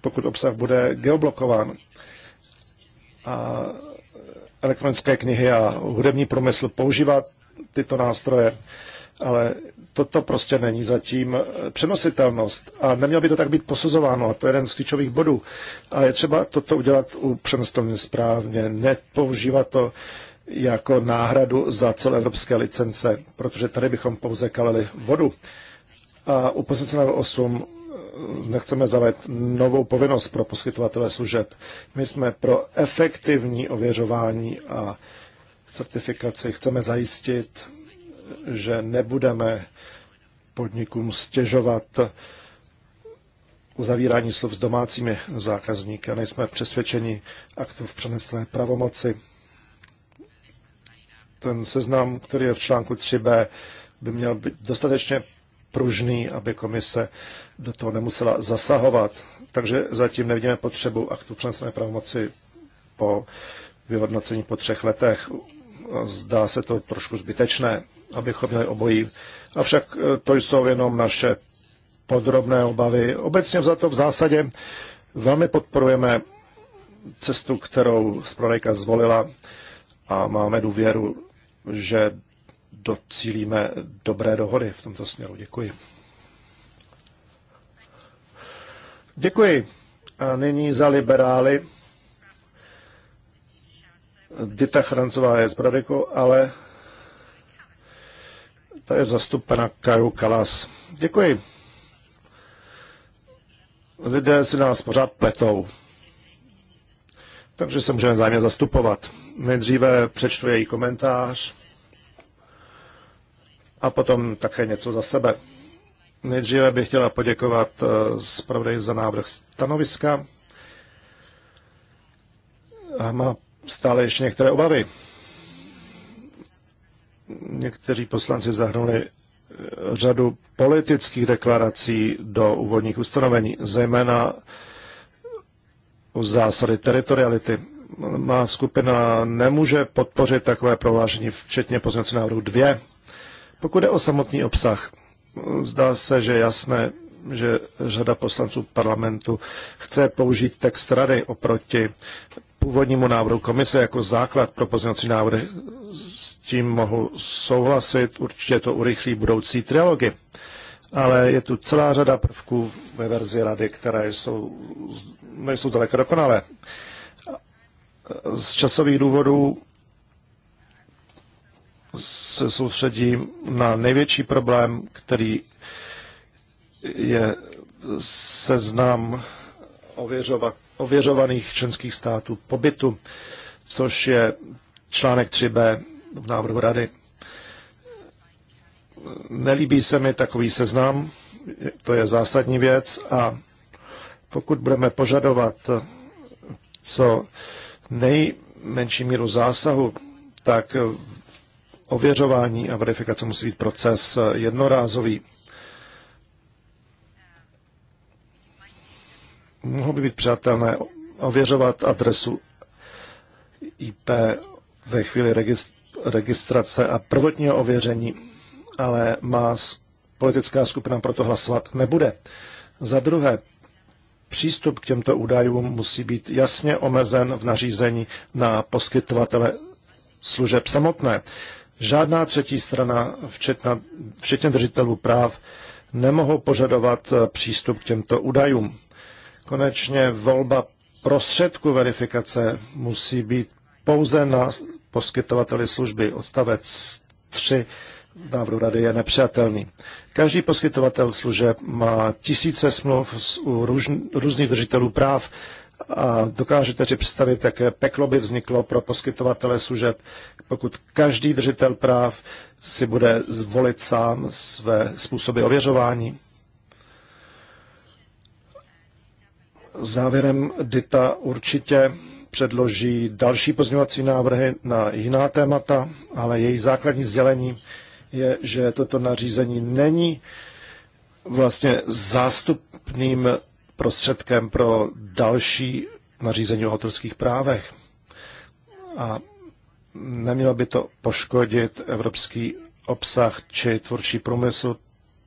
pokud obsah bude geoblokován. A elektronické knihy a hudební průmysl používat tyto nástroje, ale toto prostě není zatím eh, přenositelnost a nemělo by to tak být posuzováno a to je jeden z klíčových bodů. A je třeba toto udělat u přenositelně správně, nepoužívat to jako náhradu za evropské licence, protože tady bychom pouze kalili vodu. A u pozice 8 nechceme zavést novou povinnost pro poskytovatele služeb. My jsme pro efektivní ověřování a certifikaci. Chceme zajistit, že nebudeme podnikům stěžovat uzavírání slov s domácími zákazníky a nejsme přesvědčeni aktu v přenesné pravomoci. Ten seznam, který je v článku 3b, by měl být dostatečně pružný, aby komise do toho nemusela zasahovat. Takže zatím nevidíme potřebu aktu přenesené pravomoci po vyhodnocení po třech letech. Zdá se to trošku zbytečné, abychom měli obojí. Avšak eh, to jsou jenom naše podrobné obavy. Obecně za to v zásadě velmi podporujeme cestu, kterou zpravodajka zvolila a máme důvěru, že docílíme dobré dohody v tomto směru. Děkuji. Děkuji. A nyní za liberály Dita Chrancová je z Bradeko, ale ta je zastupena Kaju Kalas. Děkuji. Lidé si nás pořád pletou. Takže se můžeme zájemně zastupovat. Nejdříve přečtu její komentář a potom také něco za sebe. Nejdříve bych chtěla poděkovat eh, zpravodaji za návrh stanoviska. A má stále ještě některé obavy. Někteří poslanci zahrnuli eh, řadu politických deklarací do úvodních ustanovení, zejména u zásady teritoriality. Má skupina nemůže podpořit takové prohlášení, včetně pozměnce návrhu 2, pokud je o samotný obsah, zdá se, že jasné, že řada poslanců parlamentu chce použít text rady oproti původnímu návrhu komise jako základ pro pozměňovací návrhy. S tím mohu souhlasit, určitě to urychlí budoucí trialogy. Ale je tu celá řada prvků ve verzi rady, které jsou, nejsou daleko dokonalé. Z časových důvodů se soustředím na největší problém, který je seznam ověřovaných členských států pobytu, což je článek 3b v návrhu rady. Nelíbí se mi takový seznam, to je zásadní věc a pokud budeme požadovat co nejmenší míru zásahu, tak ověřování a verifikace musí být proces eh, jednorázový. Mohlo by být přátelné ověřovat adresu IP ve chvíli registrace a prvotního ověření, ale má politická skupina proto hlasovat nebude. Za druhé, přístup k těmto údajům musí být jasně omezen v nařízení na poskytovatele služeb samotné. Žádná třetí strana, včetna, včetně držitelů práv, nemohou požadovat eh, přístup k těmto údajům. Konečně volba prostředku verifikace musí být pouze na poskytovateli služby. Odstavec 3 v návrhu rady je nepřijatelný. Každý poskytovatel služeb má tisíce smluv u různých držitelů práv a dokážete si představit, jaké peklo by vzniklo pro poskytovatele služeb, pokud každý držitel práv si bude zvolit sám své způsoby ověřování. Závěrem DITA určitě předloží další pozměňovací návrhy na jiná témata, ale její základní sdělení je, že toto nařízení není vlastně zástupným prostředkem pro další nařízení o autorských právech. A nemělo by to poškodit evropský obsah či tvůrčí průmysl,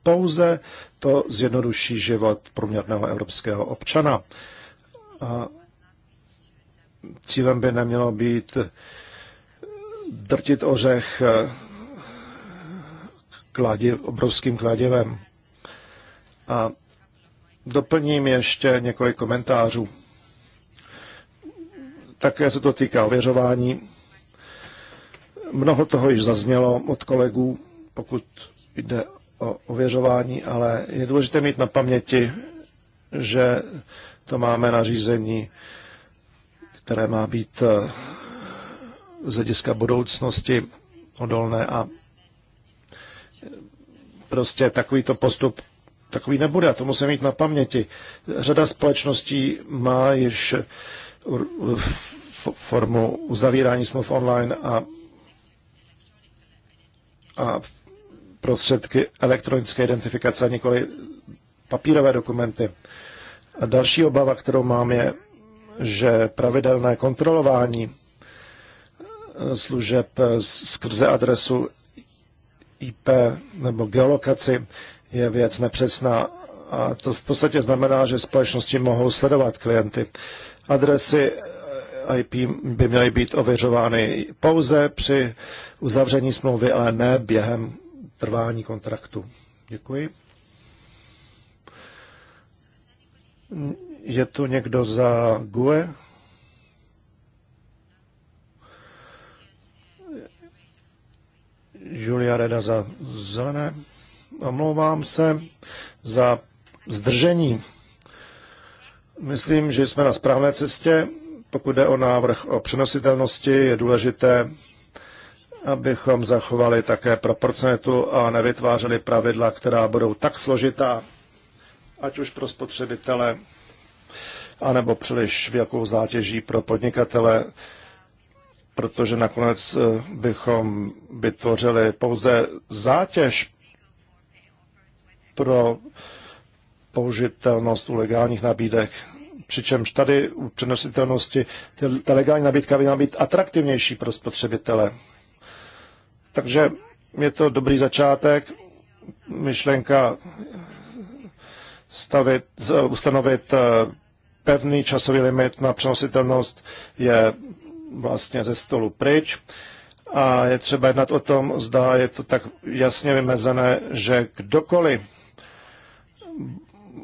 pouze to zjednoduší život průměrného evropského občana. A cílem by nemělo být drtit ořech eh, kladiv, obrovským kladivem. A Doplním ještě několik komentářů. Také se to týká ověřování. Mnoho toho již zaznělo od kolegů, pokud jde o ověřování, ale je důležité mít na paměti, že to máme nařízení, které má být eh, z hlediska budoucnosti odolné a eh, prostě takovýto postup takový nebude. to musíme mít na paměti. Řada společností má již eh, formu uzavírání smluv online a, a prostředky elektronické identifikace a nikoli papírové dokumenty. A další obava, kterou mám, je, že pravidelné kontrolování eh, služeb eh, skrze adresu IP nebo geolokaci je věc nepřesná. A to v podstatě znamená, že společnosti mohou sledovat klienty. Adresy eh, IP by měly být ověřovány pouze při uzavření smlouvy, ale ne během trvání kontraktu. Děkuji. Je tu někdo za GUE? Julia Reda za zelené. Omlouvám se za zdržení. Myslím, že jsme na správné cestě. Pokud jde o návrh o přenositelnosti, je důležité, abychom zachovali také proporcionitu a nevytvářeli pravidla, která budou tak složitá, ať už pro spotřebitele, anebo příliš velkou zátěží pro podnikatele, protože nakonec eh, bychom vytvořili pouze zátěž pro použitelnost u legálních nabídek. Přičemž tady u přenositelnosti ta legální nabídka by měla být atraktivnější pro spotřebitele. Takže je to dobrý začátek. Myšlenka stavit, ustanovit eh, pevný časový limit na přenositelnost je vlastně ze stolu pryč. A je třeba jednat o tom, zda je to tak jasně vymezené, že kdokoliv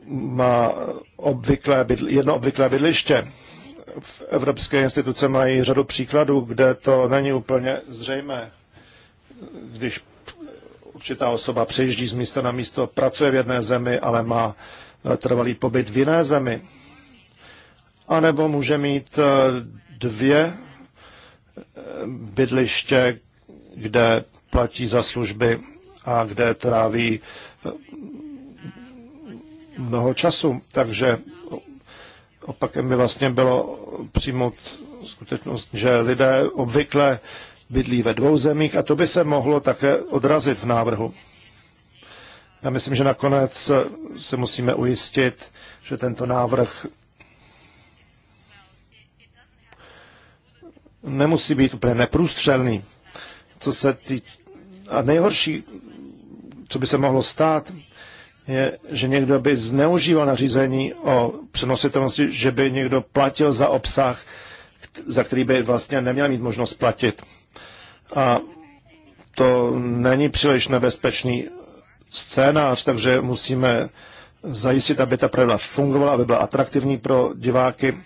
má obvyklé bydl, jedno obvyklé bydliště. V evropské instituce mají řadu příkladů, kde to není úplně zřejmé. Když určitá osoba přejíždí z místa na místo, pracuje v jedné zemi, ale má eh, trvalý pobyt v jiné zemi. A nebo může mít eh, dvě eh, bydliště, kde platí za služby a kde tráví mnoho času, takže opakem by vlastně bylo přijmout skutečnost, že lidé obvykle bydlí ve dvou zemích a to by se mohlo také odrazit v návrhu. Já myslím, že nakonec se musíme ujistit, že tento návrh nemusí být úplně neprůstřelný. Co se tý... A nejhorší, co by se mohlo stát, je, že někdo by zneužíval nařízení o přenositelnosti, že by někdo platil za obsah, za který by vlastně neměl mít možnost platit. A to není příliš nebezpečný scénář, takže musíme zajistit, aby ta pravidla fungovala, aby byla atraktivní pro diváky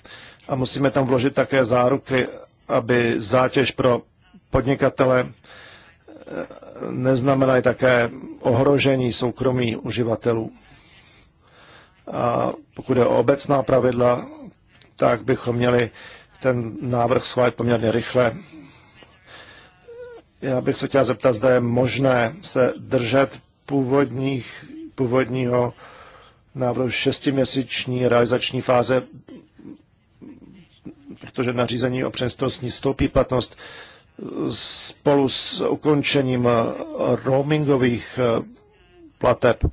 a musíme tam vložit také záruky, aby zátěž pro podnikatele neznamenají také ohrožení soukromí uživatelů. A pokud je o obecná pravidla, tak bychom měli ten návrh schválit poměrně rychle. Já bych se chtěl zeptat, zda je možné se držet původních, původního návrhu šestiměsíční realizační fáze, protože nařízení o přenosnosti vstoupí platnost spolu s ukončením roamingových eh, plateb,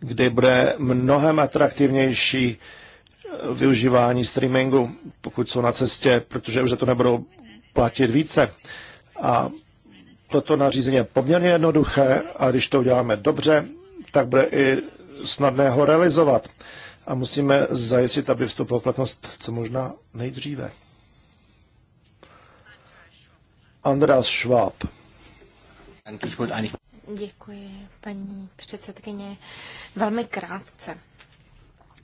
kdy bude mnohem atraktivnější eh, využívání streamingu, pokud jsou na cestě, protože už za to nebudou platit více. A toto nařízení je poměrně jednoduché a když to uděláme dobře, tak bude i snadné ho realizovat. A musíme zajistit, aby vstoupil platnost co možná nejdříve. Andreas Schwab. Děkuji, paní předsedkyně. Velmi krátce.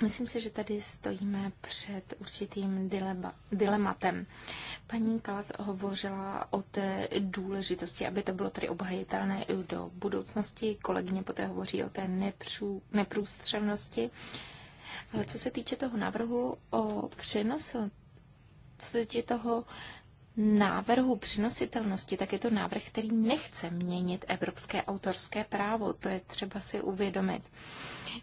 Myslím si, že tady stojíme před určitým dilema, dilematem. Paní Kalas hovořila o té důležitosti, aby to bylo tedy obhajitelné i do budoucnosti. Kolegyně poté hovoří o té nepřů, neprůstřelnosti. Ale co se týče toho návrhu o přenosu, co se týče toho návrhu přenositelnosti, tak je to návrh, který nechce měnit evropské autorské právo. To je třeba si uvědomit.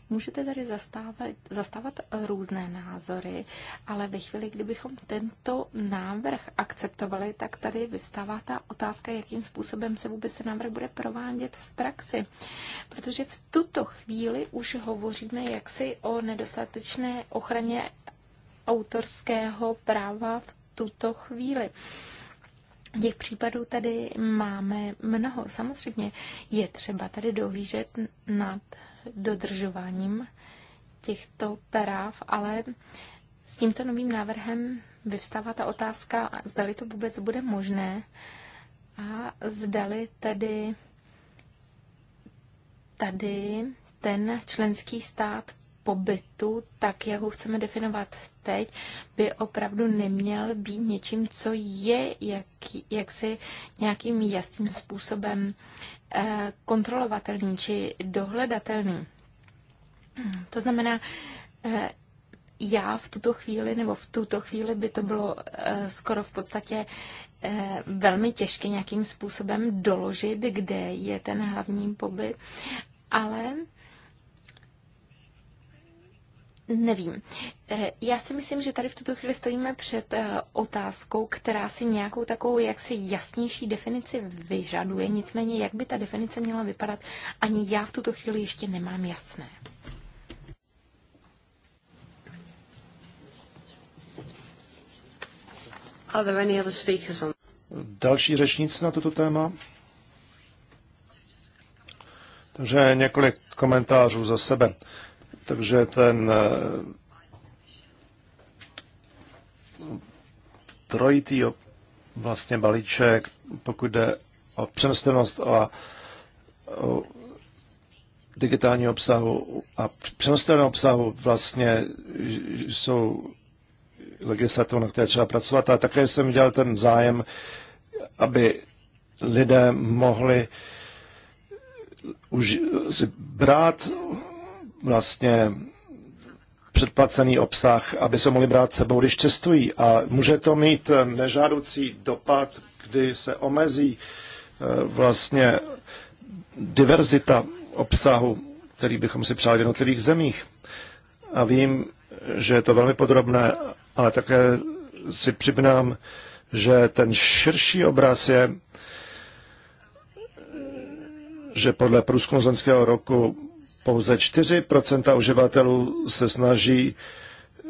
Můžete tady zastávat, zastávat různé názory, ale ve chvíli, kdybychom tento návrh akceptovali, tak tady vyvstává ta otázka, jakým způsobem se vůbec ten návrh bude provádět v praxi. Protože v tuto chvíli už hovoříme jaksi o nedostatečné ochraně autorského práva v tuto chvíli. Těch případů tady máme mnoho. Samozřejmě je třeba tady dohlížet nad dodržováním těchto práv, ale s tímto novým návrhem vyvstává ta otázka, zdali to vůbec bude možné a zdali tedy tady ten členský stát pobytu, tak jak ho chceme definovat teď, by opravdu neměl být něčím, co je jak, jaksi nějakým jasným způsobem eh, kontrolovatelný či dohledatelný. To znamená, eh, já v tuto chvíli, nebo v tuto chvíli by to bylo eh, skoro v podstatě velmi těžké nějakým způsobem doložit, kde je ten hlavní pobyt, ale nevím. Eh, já si myslím, že tady v tuto chvíli stojíme před eh, otázkou, která si nějakou takovou jaksi jasnější definici vyžaduje. Nicméně, jak by ta definice měla vypadat, ani já v tuto chvíli ještě nemám jasné. Are there any other speakers on? Další řečníci na toto téma? Takže několik komentářů za sebe. Takže ten eh, trojitý vlastně balíček, pokud jde o přenositelnost a o digitální obsahu a přenositelného obsahu vlastně jsou legislativou, na které třeba pracovat. A také jsem viděl ten zájem, aby lidé mohli už si brát vlastně předplacený obsah, aby se mohli brát sebou, když cestují. A může to mít eh, nežádoucí dopad, kdy se omezí eh, vlastně diverzita obsahu, který bychom si přáli v jednotlivých zemích. A vím, že je to velmi podrobné, ale také si připnám, že ten širší obraz je, že podle průzkumu zemského roku pouze 4% uživatelů se snaží eh,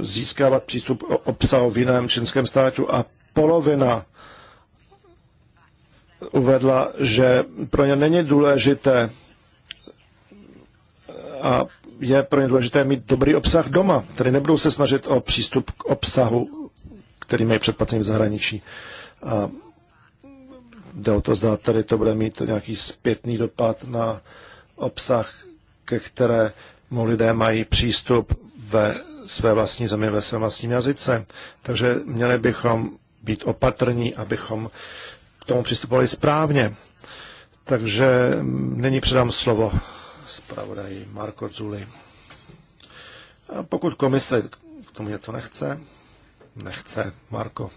získávat přístup obsahu v jiném čínském státu a polovina uvedla, že pro ně není důležité a je pro ně důležité mít dobrý obsah doma, tedy nebudou se snažit o přístup k obsahu, který mají předplacený v zahraničí. A jde o to, zda tady to bude mít nějaký zpětný dopad na obsah, ke kterému lidé mají přístup ve své vlastní zemi, ve svém vlastním jazyce. Takže měli bychom být opatrní, abychom k tomu přistupovali správně. Takže nyní předám slovo zpravodaji Marko Zuli. A pokud komise k tomu něco nechce, nechce. Marko.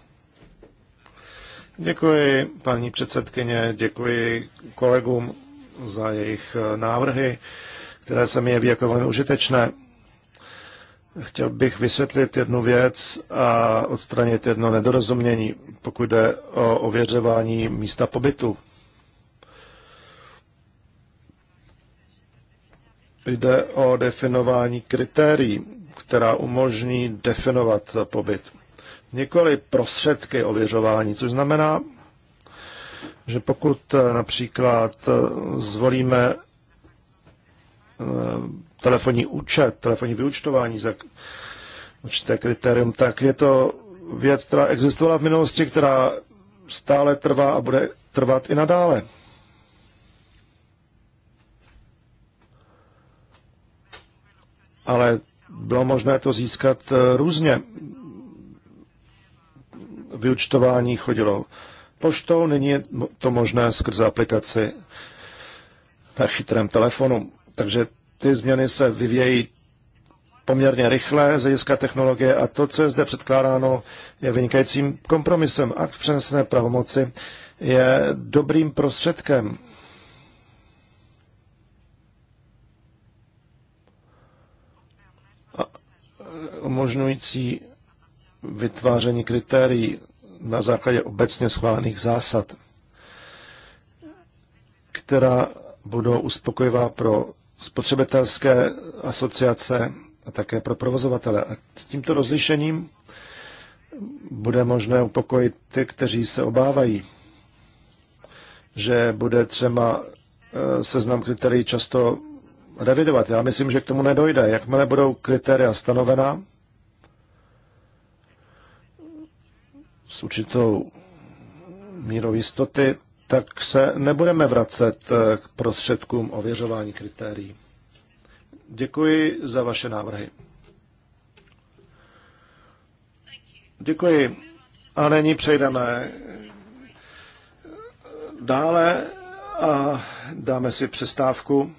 Děkuji, paní předsedkyně, děkuji kolegům za jejich eh, návrhy, které se mi jeví jako velmi užitečné. Chtěl bych vysvětlit jednu věc a odstranit jedno nedorozumění, pokud jde o ověřování místa pobytu. Jde o definování kritérií, která umožní definovat pobyt. Nikoli prostředky ověřování, což znamená, že pokud eh, například eh, zvolíme eh, telefonní účet, telefonní vyučtování za určité kritérium, tak je to věc, která existovala v minulosti, která stále trvá a bude trvat i nadále. Ale bylo možné to získat různě. Vyučtování chodilo poštou, není to možné skrze aplikaci na chytrém telefonu. Takže ty změny se vyvějí poměrně rychle z hlediska technologie a to, co je zde předkládáno, je vynikajícím kompromisem. Akt v přenesené pravomoci je dobrým prostředkem. umožňující vytváření kritérií na základě obecně schválených zásad, která budou uspokojivá pro spotřebitelské asociace a také pro provozovatele. A s tímto rozlišením bude možné upokojit ty, kteří se obávají, že bude třeba eh, seznam kritérií často revidovat. Já myslím, že k tomu nedojde. Jakmile budou kritéria stanovená, s určitou mírou jistoty, tak se nebudeme vracet eh, k prostředkům ověřování kritérií. Děkuji za vaše návrhy. Děkuji. A nyní přejdeme eh, dále a dáme si přestávku.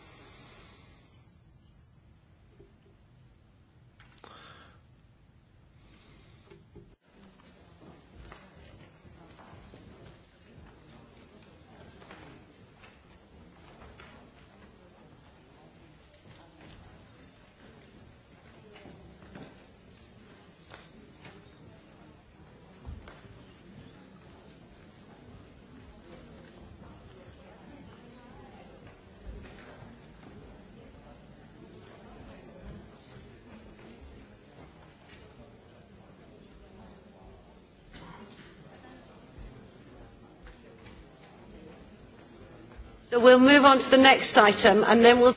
on to the next item and then we'll...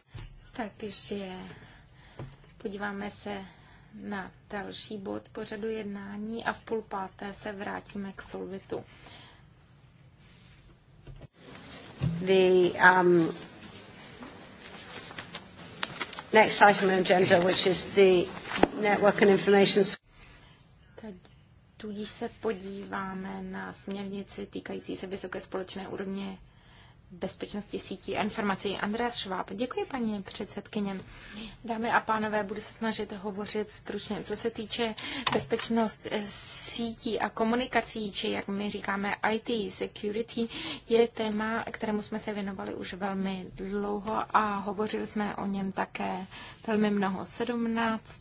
Takže podíváme se na další bod pořadu jednání a v půl páté se vrátíme k Solvitu. The um, next item on agenda, which is the network and information... Tudíž se podíváme na směrnici týkající se vysoké společné úrovně bezpečnosti sítí a informací. Andreas Schwab. Děkuji, paní předsedkyně. Dámy a pánové, budu se snažit hovořit stručně. Co se týče bezpečnost sítí a komunikací, či jak my říkáme IT security, je téma, kterému jsme se věnovali už velmi dlouho a hovořili jsme o něm také velmi mnoho 17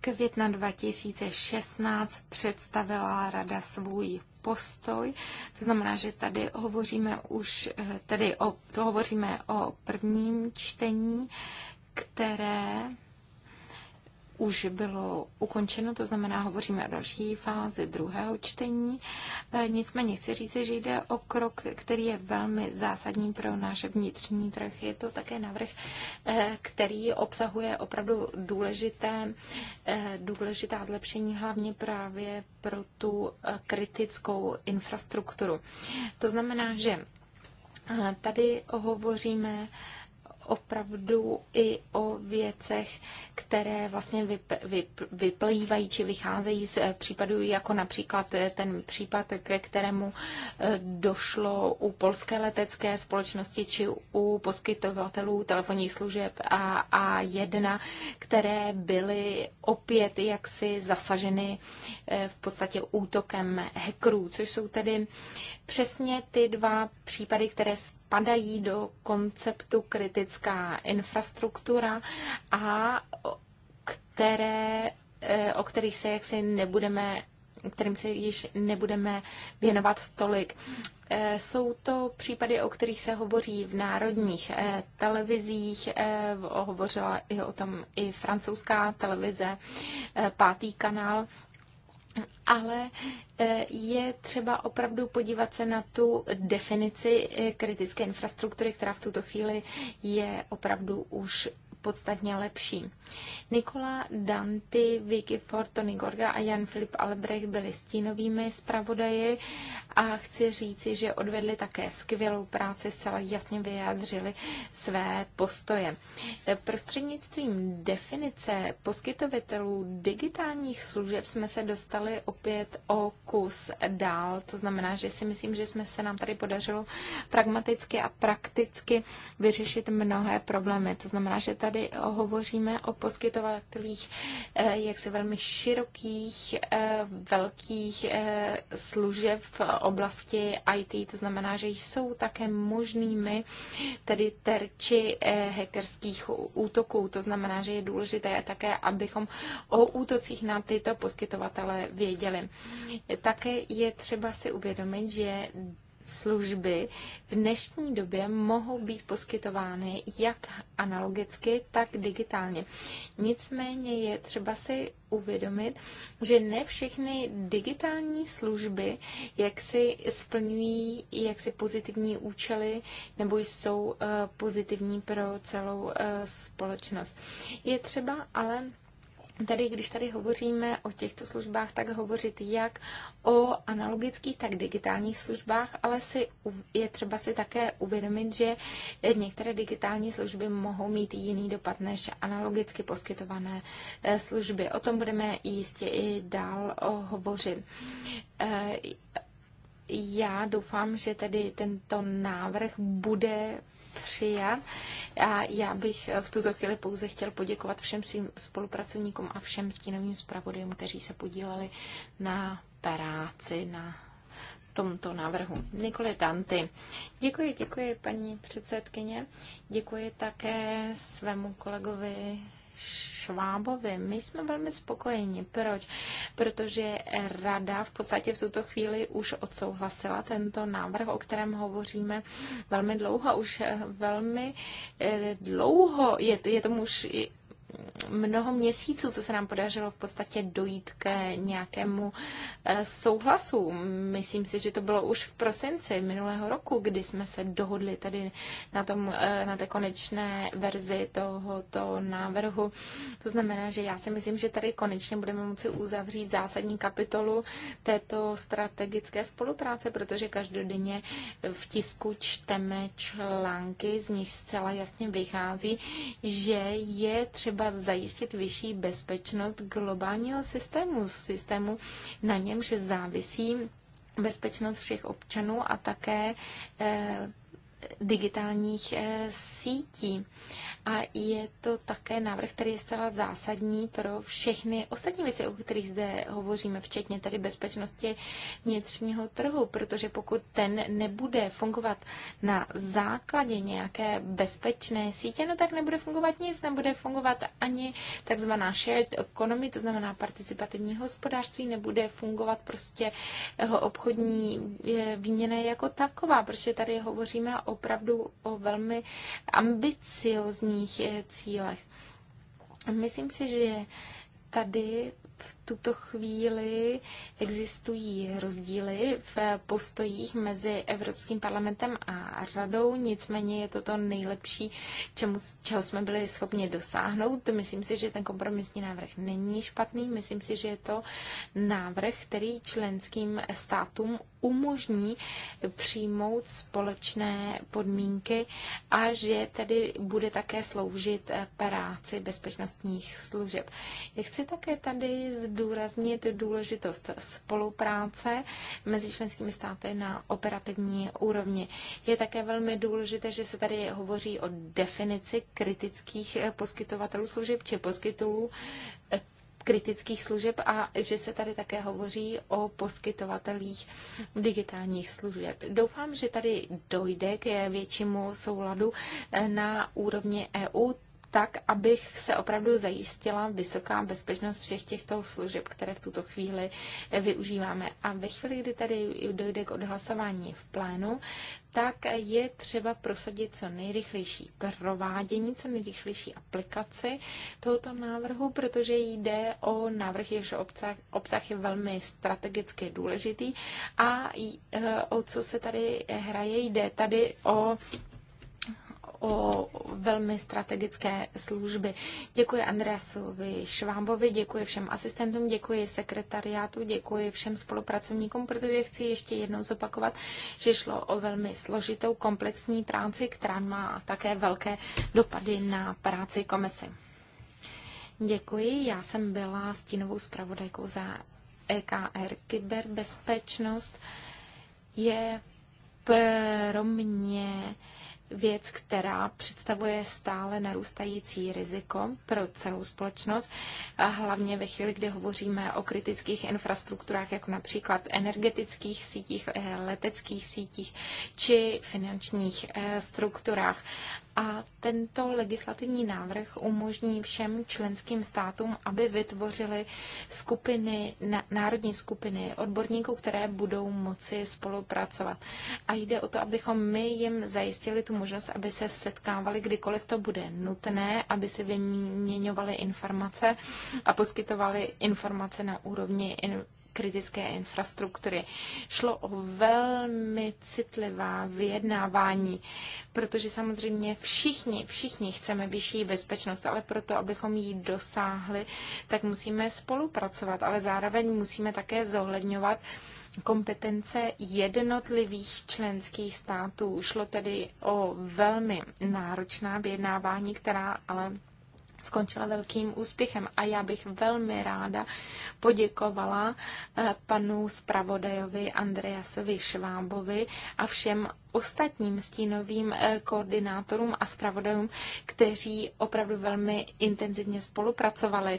května 2016 představila rada svůj postoj. To znamená, že tady hovoříme už, eh, tedy o, to hovoříme o prvním čtení, které už bylo ukončeno, to znamená, hovoříme o další fázi druhého čtení. E, nicméně chci říct, že jde o krok, který je velmi zásadní pro náš vnitřní trh. Je to také návrh, e, který obsahuje opravdu důležité, e, důležitá zlepšení, hlavně právě pro tu kritickou infrastrukturu. To znamená, že tady hovoříme opravdu i o věcech, které vlastně vyp, vyp, vyplývají či vycházejí z eh, případů, jako například eh, ten případ, ke kterému eh, došlo u polské letecké společnosti či u poskytovatelů telefonních služeb a, a jedna, které byly opět jaksi zasaženy v podstatě útokem hackerů, což jsou tedy přesně ty dva případy, které spadají do konceptu kritická infrastruktura a které, eh, o kterých se jaksi nebudeme kterým se již nebudeme věnovat tolik. Eh, jsou to případy, o kterých se hovoří v národních eh, televizích, hovořila i o tom i francouzská televize, pátý kanál ale eh, je třeba opravdu podívat se na tu definici eh, kritické infrastruktury, která v tuto chvíli je opravdu už podstatně lepší. Nikola Danti, Vicky Ford, Tony Gorga a Jan Filip Albrecht byli stínovými zpravodaji a chci říci, že odvedli také skvělou práci, zcela jasně vyjádřili své postoje. Prostřednictvím definice poskytovatelů digitálních služeb jsme se dostali opět o kus dál, to znamená, že si myslím, že jsme se nám tady podařilo pragmaticky a prakticky vyřešit mnohé problémy. To znamená, že tady tady hovoříme o poskytovatelích eh, jaksi velmi širokých, eh, velkých eh, služeb v oblasti IT, to znamená, že jsou také možnými tedy terči hackerských útoků. To znamená, že je důležité také, abychom o útocích na tyto poskytovatele věděli. Také je třeba si uvědomit, že služby v dnešní době mohou být poskytovány jak analogicky, tak digitálně. Nicméně je třeba si uvědomit, že ne všechny digitální služby jak si splňují jak si pozitivní účely nebo jsou eh, pozitivní pro celou eh, společnost. Je třeba ale Tady, když tady hovoříme o těchto službách, tak hovořit jak o analogických, tak digitálních službách, ale si, je třeba si také uvědomit, že některé digitální služby mohou mít jiný dopad než analogicky poskytované eh, služby. O tom budeme jistě i dál hovořit. Eh, já doufám, že tedy tento návrh bude přijat. A já bych v tuto chvíli pouze chtěl poděkovat všem svým spolupracovníkům a všem stínovým zpravodajům, kteří se podíleli na práci, na tomto návrhu. Nikoli Tanty. Děkuji, děkuji paní předsedkyně. Děkuji také svému kolegovi Švábovi. My jsme velmi spokojeni. Proč? Protože rada v podstatě v tuto chvíli už odsouhlasila tento návrh, o kterém hovoříme velmi dlouho. Už velmi eh, dlouho je, je tomu už mnoho měsíců, co se nám podařilo v podstatě dojít k nějakému eh, souhlasu. Myslím si, že to bylo už v prosinci minulého roku, kdy jsme se dohodli tady na, tom, eh, na té konečné verzi tohoto návrhu. To znamená, že já si myslím, že tady konečně budeme moci uzavřít zásadní kapitolu této strategické spolupráce, protože každodenně v tisku čteme články, z nich zcela jasně vychází, že je třeba třeba zajistit vyšší bezpečnost globálního systému, systému na němž závisí bezpečnost všech občanů a také eh, digitálních eh, sítí. A je to také návrh, který je zcela zásadní pro všechny ostatní věci, o kterých zde hovoříme, včetně tedy bezpečnosti vnitřního trhu, protože pokud ten nebude fungovat na základě nějaké bezpečné sítě, no tak nebude fungovat nic, nebude fungovat ani takzvaná shared economy, to znamená participativní hospodářství, nebude fungovat prostě obchodní eh, výměna jako taková, protože tady hovoříme opravdu o velmi ambiciozních eh, cílech. Myslím si, že tady v tuto chvíli existují rozdíly v postojích mezi Evropským parlamentem a radou, nicméně je to to nejlepší, čemu, čeho jsme byli schopni dosáhnout. Myslím si, že ten kompromisní návrh není špatný, myslím si, že je to návrh, který členským státům umožní přijmout společné podmínky a že tedy bude také sloužit práci bezpečnostních služeb. Chci také tady zb zdůraznit důležitost spolupráce mezi členskými státy na operativní úrovni. Je také velmi důležité, že se tady hovoří o definici kritických poskytovatelů služeb či poskytulů eh, kritických služeb a že se tady také hovoří o poskytovatelích digitálních služeb. Doufám, že tady dojde k většímu souladu eh, na úrovni EU tak, abych se opravdu zajistila vysoká bezpečnost všech těchto služeb, které v tuto chvíli eh, využíváme. A ve chvíli, kdy tady dojde k odhlasování v plénu, tak je třeba prosadit co nejrychlejší provádění, co nejrychlejší aplikaci tohoto návrhu, protože jde o návrh, jehož obsah, obsah je velmi strategicky důležitý a eh, o co se tady hraje, jde tady o o velmi strategické služby. Děkuji Andreasovi Švábovi, děkuji všem asistentům, děkuji sekretariátu, děkuji všem spolupracovníkům, protože chci ještě jednou zopakovat, že šlo o velmi složitou komplexní práci, která má také velké dopady na práci komisy. Děkuji, já jsem byla stínovou zpravodajkou za EKR kyberbezpečnost je pro mě věc, která představuje stále narůstající riziko pro celou společnost, a hlavně ve chvíli, kdy hovoříme o kritických infrastrukturách, jako například energetických sítích, eh, leteckých sítích či finančních eh, strukturách. A tento legislativní návrh umožní všem členským státům, aby vytvořili skupiny, národní skupiny odborníků, které budou moci spolupracovat. A jde o to, abychom my jim zajistili tu možnost, aby se setkávali kdykoliv to bude nutné, aby si vyměňovali informace a poskytovali informace na úrovni kritické infrastruktury. Šlo o velmi citlivá vyjednávání, protože samozřejmě všichni, všichni chceme vyšší bezpečnost, ale proto, abychom ji dosáhli, tak musíme spolupracovat, ale zároveň musíme také zohledňovat kompetence jednotlivých členských států. Šlo tedy o velmi náročná vyjednávání, která ale skončila velkým úspěchem. A já bych velmi ráda poděkovala eh, panu zpravodajovi Andreasovi Švábovi a všem ostatním stínovým eh, koordinátorům a zpravodajům, kteří opravdu velmi intenzivně spolupracovali.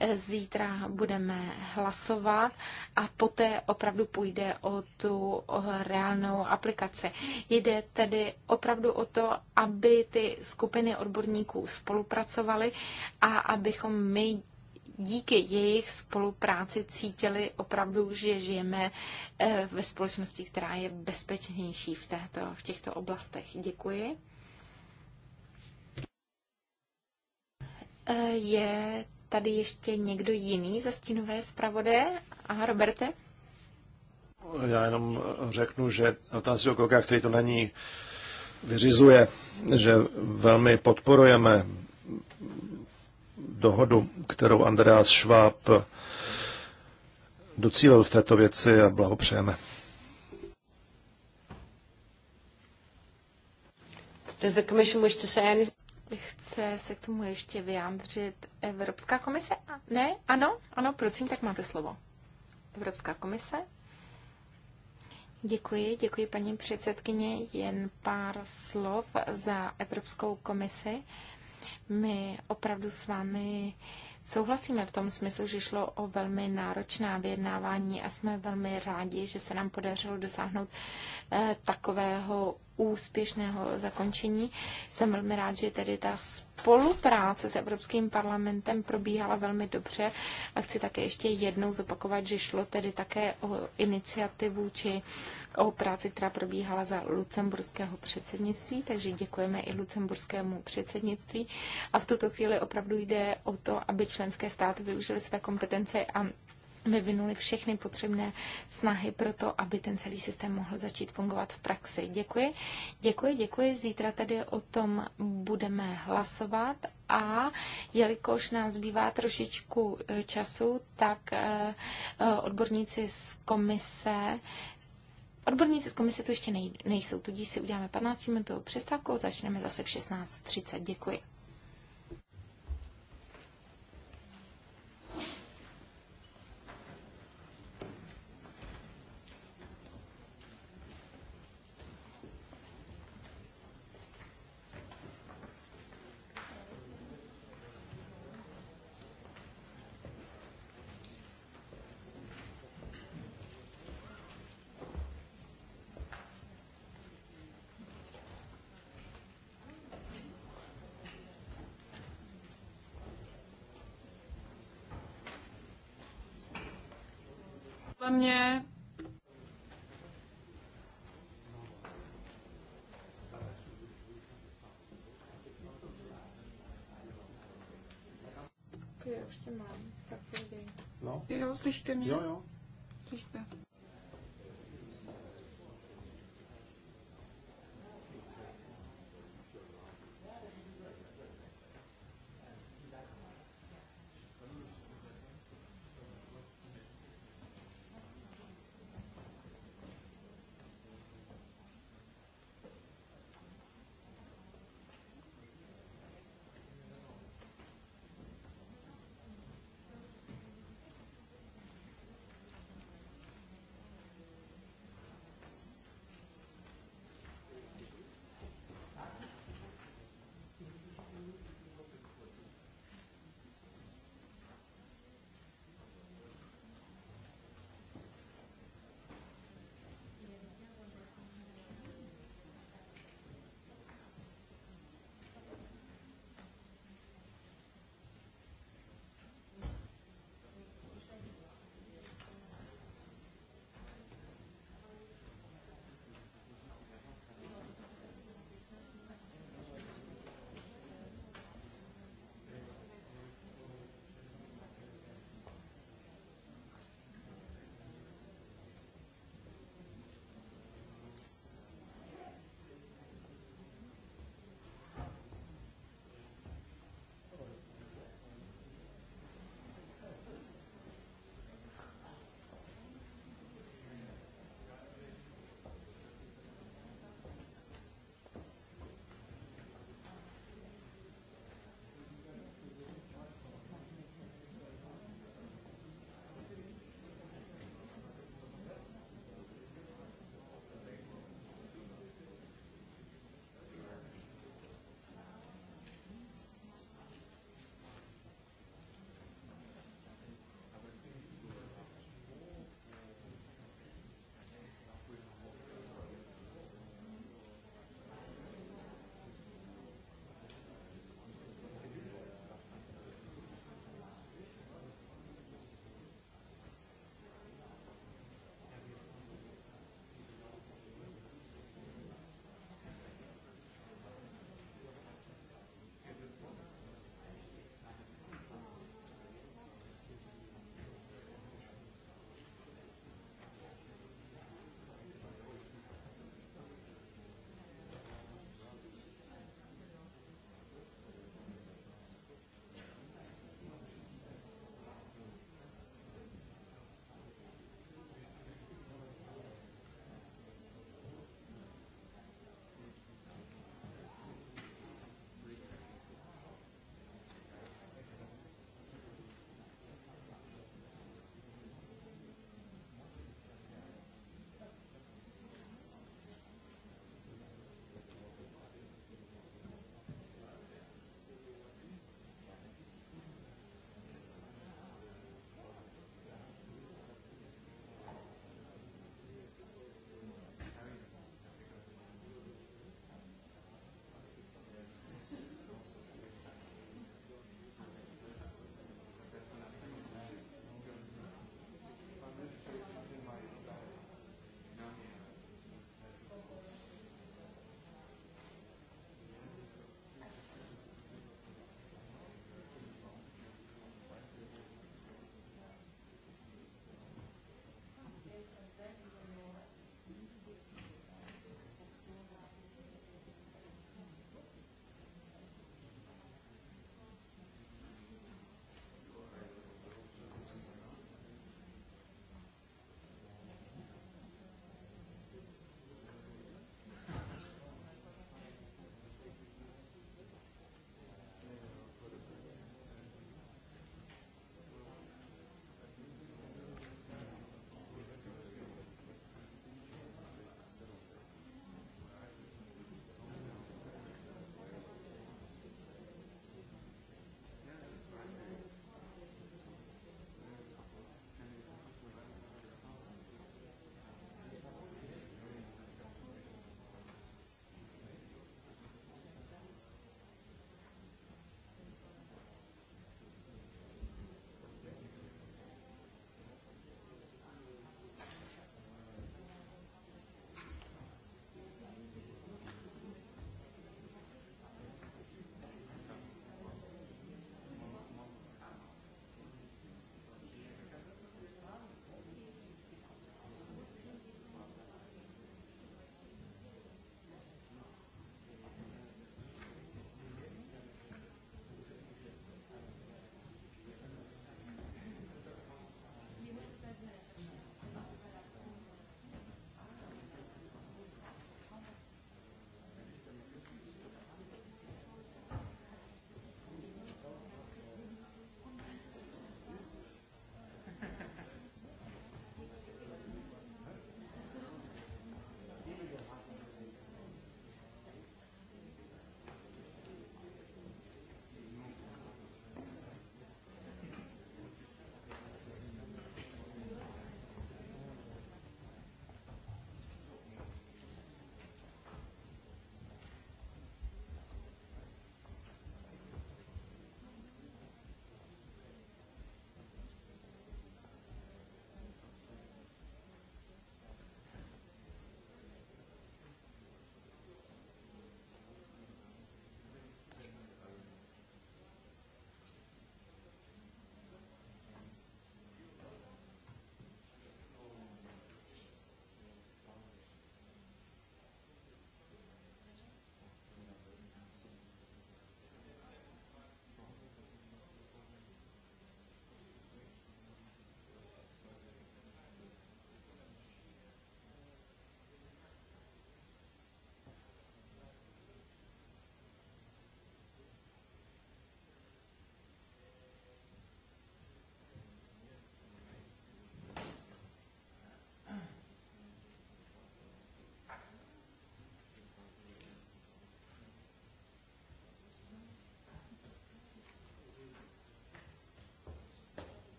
Eh, zítra budeme hlasovat a poté opravdu půjde o tu reálnou aplikaci. Jde tedy opravdu o to, aby ty skupiny odborníků spolupracovaly a abychom my díky jejich spolupráci cítili opravdu, že žijeme eh, ve společnosti, která je bezpečnější v, této, v těchto oblastech. Děkuji. Eh, je tady ještě někdo jiný za stínové zpravodé? Aha, Roberte? Já jenom řeknu, že otázka o kokách, který to není vyřizuje, že velmi podporujeme dohodu, kterou Andreas Schwab docílil v této věci a blahopřejeme. Does the commission wish to say anything? Chce se k tomu ještě vyjádřit Evropská komise? Ne? Ano? Ano, prosím, tak máte slovo. Evropská komise? Děkuji, děkuji paní předsedkyně. Jen pár slov za Evropskou komisi. My opravdu s vámi souhlasíme v tom smyslu, že šlo o velmi náročná vyjednávání a jsme velmi rádi, že se nám podařilo dosáhnout eh, takového úspěšného zakončení. Jsem velmi rád, že tedy ta spolupráce s Evropským parlamentem probíhala velmi dobře a chci také ještě jednou zopakovat, že šlo tedy také o iniciativu či o práci, která probíhala za lucemburského předsednictví, takže děkujeme i lucemburskému předsednictví. A v tuto chvíli opravdu jde o to, aby členské státy využily své kompetence a vyvinuli všechny potřebné snahy pro to, aby ten celý systém mohl začít fungovat v praxi. Děkuji. Děkuji, děkuji. Zítra tedy o tom budeme hlasovat a jelikož nám zbývá trošičku eh, času, tak eh, eh, odborníci z komise Odborníci z komise tu ještě nejsou, tudíž si uděláme 15 minutovou přestávku, začneme zase v 16.30. Děkuji. mě ještě mám. Tak pojď. No. Jo, slyšíte mě? Jo, jo. Slyšíte.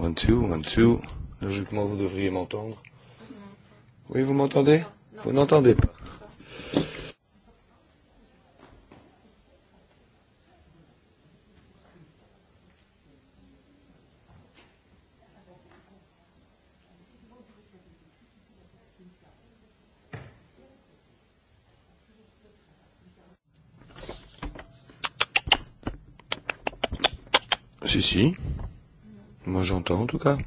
One, two, one, two. Logiquement, vous devriez m'entendre. Oui, vous m'entendez Vous n'entendez pas. Portugal.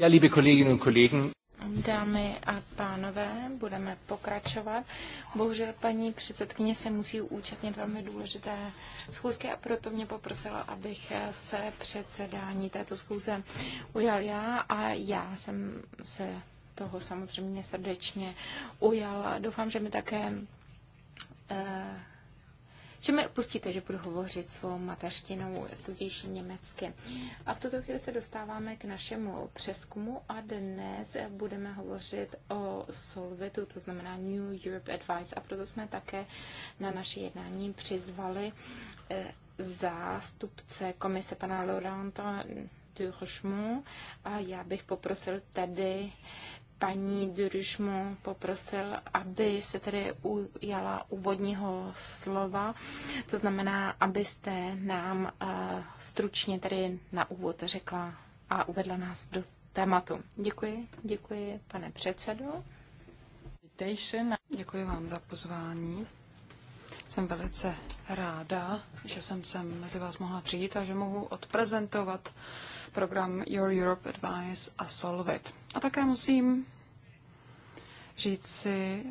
Ja, liebe Kolleginnen und Kollegen. Dámy a pánové, budeme pokračovat. Bohužel paní předsedkyně se musí účastnit velmi důležité schůzky a proto mě poprosila, abych se předsedání této schůze ujal já a já jsem se toho samozřejmě srdečně ujala. Doufám, že mi také eh, že mi opustíte, že budu hovořit svou mateřštinou, tudíž německy. A v tuto chvíli se dostáváme k našemu přeskumu a dnes budeme hovořit o Solvitu, to znamená New Europe Advice. A proto jsme také na naše jednání přizvali eh, zástupce komise pana Laurenta Durochemont a já bych poprosil tedy paní Durušmu poprosil, aby se tedy ujala úvodního slova. To znamená, abyste nám eh, stručně tedy na úvod řekla a uvedla nás do tématu. Děkuji, děkuji, pane předsedo. Děkuji vám za pozvání. Jsem velice ráda, že jsem sem mezi vás mohla přijít a že mohu odprezentovat program Your Europe Advice a Solvit. A také musím říct si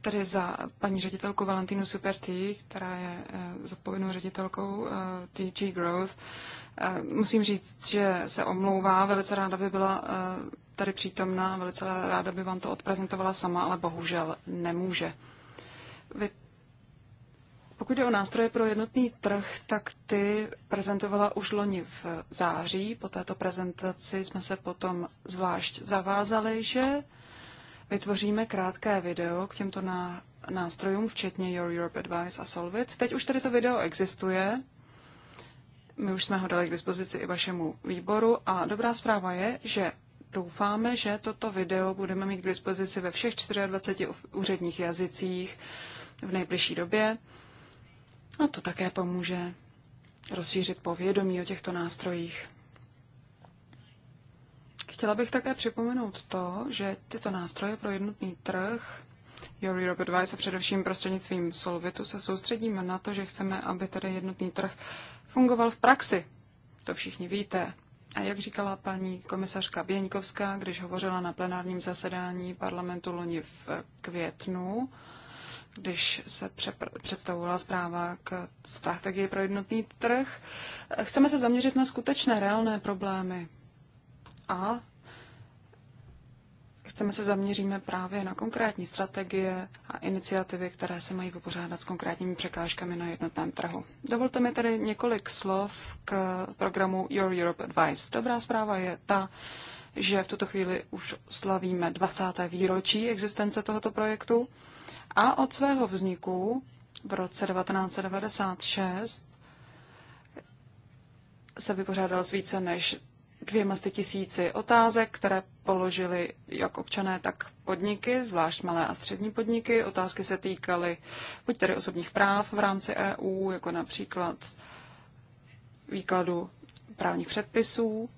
tady za paní ředitelku Valentínu Superty, která je eh, zodpovědnou ředitelkou TG eh, Growth, eh, musím říct, že se omlouvá, velice ráda by byla tady přítomná, velice ráda by vám to odprezentovala sama, ale bohužel nemůže. Vy pokud jde o nástroje pro jednotný trh, tak ty prezentovala už loni v září. Po této prezentaci jsme se potom zvlášť zavázali, že vytvoříme krátké video k těmto nástrojům, včetně Your Europe Advice a Solvit. Teď už tady to video existuje. My už jsme ho dali k dispozici i vašemu výboru a dobrá zpráva je, že doufáme, že toto video budeme mít k dispozici ve všech 24 úředních jazycích v nejbližší době. No, to také pomůže rozšířit povědomí o těchto nástrojích. Chtěla bych také připomenout to, že tyto nástroje pro jednotný trh Your Europe Advice a především prostřednictvím Solvitu se soustředíme na to, že chceme, aby tedy jednotný trh fungoval v praxi. To všichni víte. A jak říkala paní komisařka Běňkovská, když hovořila na plenárním zasedání parlamentu loni v květnu, když se představovala zpráva k strategii pro jednotný trh. Chceme se zaměřit na skutečné, reálné problémy. A chceme se zaměříme právě na konkrétní strategie a iniciativy, které se mají vypořádat s konkrétními překážkami na jednotném trhu. Dovolte mi tady několik slov k programu Your Europe Advice. Dobrá zpráva je ta, že v tuto chvíli už slavíme 20. výročí existence tohoto projektu a od svého vzniku v roce 1996 se vypořádal s více než dvěma sty tisíci otázek, které položili jak občané, tak podniky, zvlášť malé a střední podniky. Otázky se týkaly buď tedy osobních práv v rámci EU, jako například výkladu právních předpisů,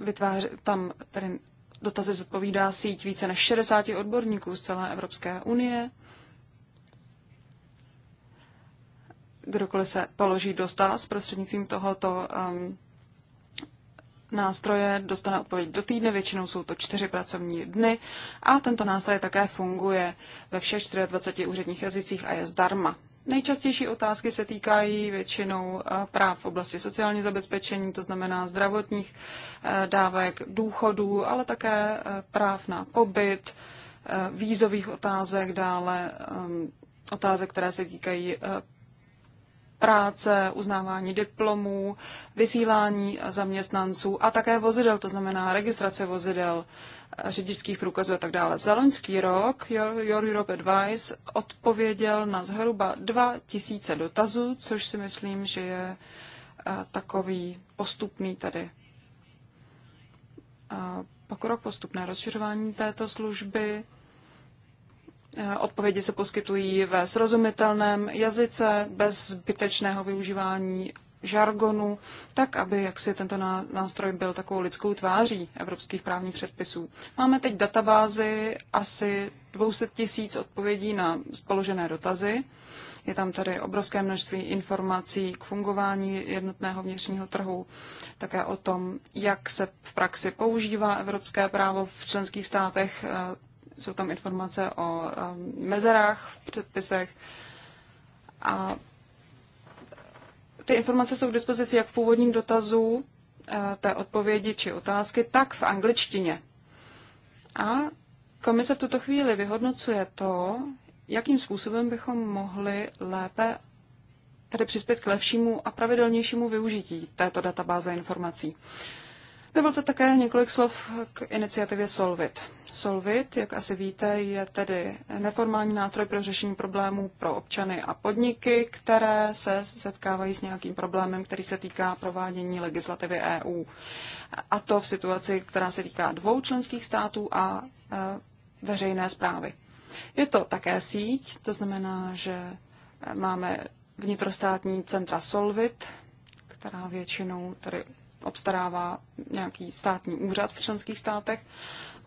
Vytváři, tam tedy dotazy zodpovídá síť více než 60 odborníků z celé Evropské unie. Kdokoliv se položí dotaz prostřednictvím tohoto um, nástroje, dostane odpověď do týdne, většinou jsou to čtyři pracovní dny a tento nástroj také funguje ve všech 24 úředních jazycích a je zdarma. Nejčastější otázky se týkají většinou eh, práv v oblasti sociálního zabezpečení, to znamená zdravotních eh, dávek, důchodů, ale také eh, práv na pobyt, vízových otázek, dále ehm, otázek, které se týkají práce, uznávání diplomů, vysílání zaměstnanců a také vozidel, to znamená registrace vozidel, řidičských průkazů a tak dále. Za loňský rok Your, Your Europe Advice odpověděl na zhruba 2000 dotazů, což si myslím, že je eh, takový postupný tady eh, pokrok, postupné rozšiřování této služby. Eh, odpovědi se poskytují ve srozumitelném jazyce, bez zbytečného využívání žargonu, tak aby jaksi tento nástroj byl takovou lidskou tváří evropských právních předpisů. Máme teď databázy asi 200 tisíc odpovědí na položené dotazy. Je tam tady obrovské množství informací k fungování jednotného vnitřního trhu, také o tom, jak se v praxi používá evropské právo v členských státech. Eh, jsou tam informace o eh, mezerách v předpisech a ty informace jsou k dispozici jak v původním dotazu eh, té odpovědi či otázky, tak v angličtině. A komise v tuto chvíli vyhodnocuje to, jakým způsobem bychom mohli lépe tedy přispět k lepšímu a pravidelnějšímu využití této databáze informací. Bylo to také několik slov k iniciativě Solvit. Solvit, jak asi víte, je tedy neformální nástroj pro řešení problémů pro občany a podniky, které se setkávají s nějakým problémem, který se týká provádění legislativy EU. A to v situaci, která se týká dvou členských států a e, veřejné zprávy. Je to také síť, to znamená, že e, máme vnitrostátní centra Solvit, která většinou tady obstarává nějaký státní úřad v členských státech.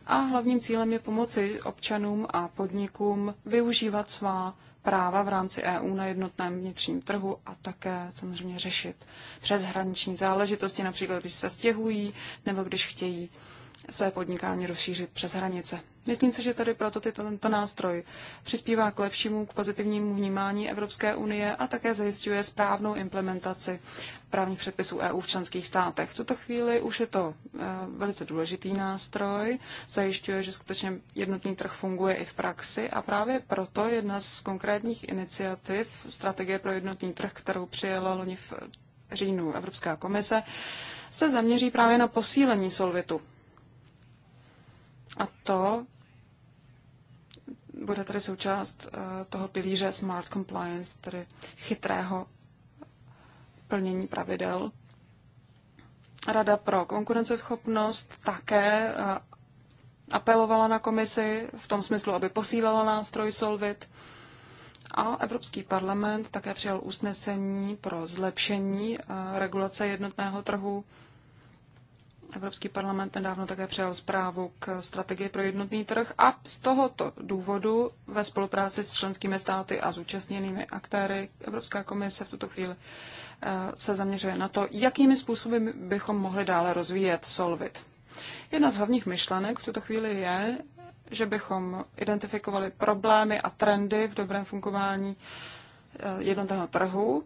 A hlavním cílem je pomoci občanům a podnikům využívat svá práva v rámci EU na jednotném vnitřním trhu a také samozřejmě řešit přeshraniční záležitosti, například když se stěhují nebo když chtějí své podnikání rozšířit přes hranice. Myslím si, že tady proto tyto, tento nástroj přispívá k lepšímu, k pozitivnímu vnímání Evropské unie a také zajišťuje správnou implementaci právních předpisů EU v členských státech. V tuto chvíli už je to eh, velice důležitý nástroj, zajišťuje, že skutečně jednotný trh funguje i v praxi a právě proto jedna z konkrétních iniciativ strategie pro jednotný trh, kterou přijela loni v říjnu Evropská komise, se zaměří právě na posílení solvitu a to bude tady součást eh, toho pilíře Smart Compliance, tedy chytrého plnění pravidel. Rada pro konkurenceschopnost také eh, apelovala na komisi v tom smyslu, aby posílala nástroj Solvit. A Evropský parlament také přijal usnesení pro zlepšení eh, regulace jednotného trhu Evropský parlament nedávno také přijal zprávu k strategii pro jednotný trh a z tohoto důvodu ve spolupráci s členskými státy a zúčastněnými aktéry Evropská komise v tuto chvíli eh, se zaměřuje na to, jakými způsoby bychom mohli dále rozvíjet Solvit. Jedna z hlavních myšlenek v tuto chvíli je, že bychom identifikovali problémy a trendy v dobrém fungování eh, jednotného trhu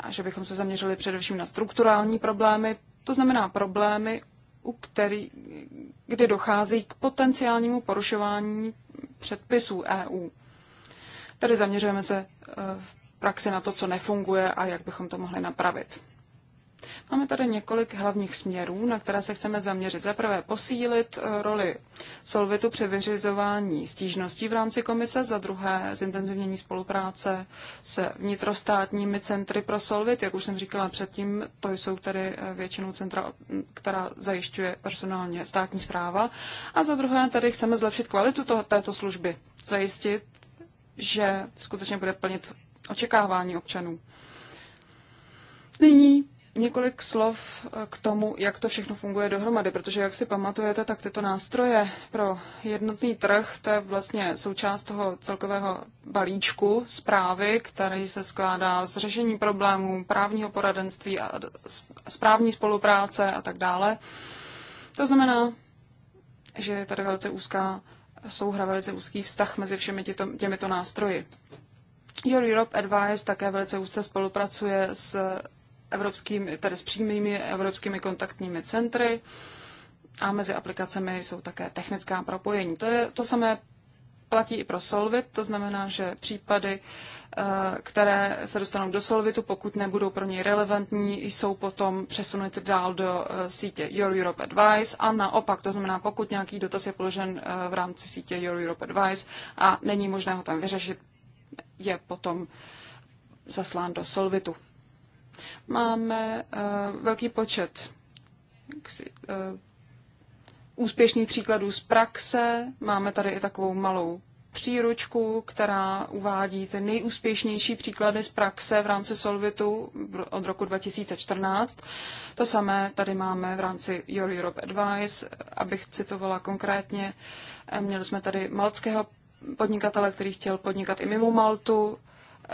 a že bychom se zaměřili především na strukturální problémy, to znamená problémy, u který, kdy dochází k potenciálnímu porušování předpisů EU. Tady zaměřujeme se eh, v praxi na to, co nefunguje a jak bychom to mohli napravit. Máme tady několik hlavních směrů, na které se chceme zaměřit. Za prvé posílit eh, roli Solvitu při vyřizování stížností v rámci komise, za druhé zintenzivnění spolupráce se vnitrostátními centry pro Solvit, jak už jsem říkala předtím, to jsou tady eh, většinou centra, která zajišťuje personálně státní zpráva. A za druhé tady chceme zlepšit kvalitu toho, této služby, zajistit, že skutečně bude plnit očekávání občanů. Nyní Několik slov eh, k tomu, jak to všechno funguje dohromady, protože jak si pamatujete, tak tyto nástroje pro jednotný trh, to je vlastně součást toho celkového balíčku zprávy, který se skládá z řešení problémů, právního poradenství a správní spolupráce a tak dále. To znamená, že je tady velice úzká souhra, velice úzký vztah mezi všemi těto, těmito nástroji. Your Europe Advice také velice úzce spolupracuje s evropskými, tedy s přímými evropskými kontaktními centry a mezi aplikacemi jsou také technická propojení. To, je, to samé platí i pro Solvit, to znamená, že případy, eh, které se dostanou do Solvitu, pokud nebudou pro něj relevantní, jsou potom přesunuty dál do eh, sítě Your Europe Advice a naopak, to znamená, pokud nějaký dotaz je položen eh, v rámci sítě Your Europe Advice a není možné ho tam vyřešit, je potom zaslán do Solvitu. Máme eh, velký počet eh, úspěšných příkladů z praxe. Máme tady i takovou malou příručku, která uvádí ty nejúspěšnější příklady z praxe v rámci Solvitu od roku 2014. To samé tady máme v rámci Your Europe Advice, abych citovala konkrétně. Eh, měli jsme tady malckého podnikatele, který chtěl podnikat i mimo Maltu,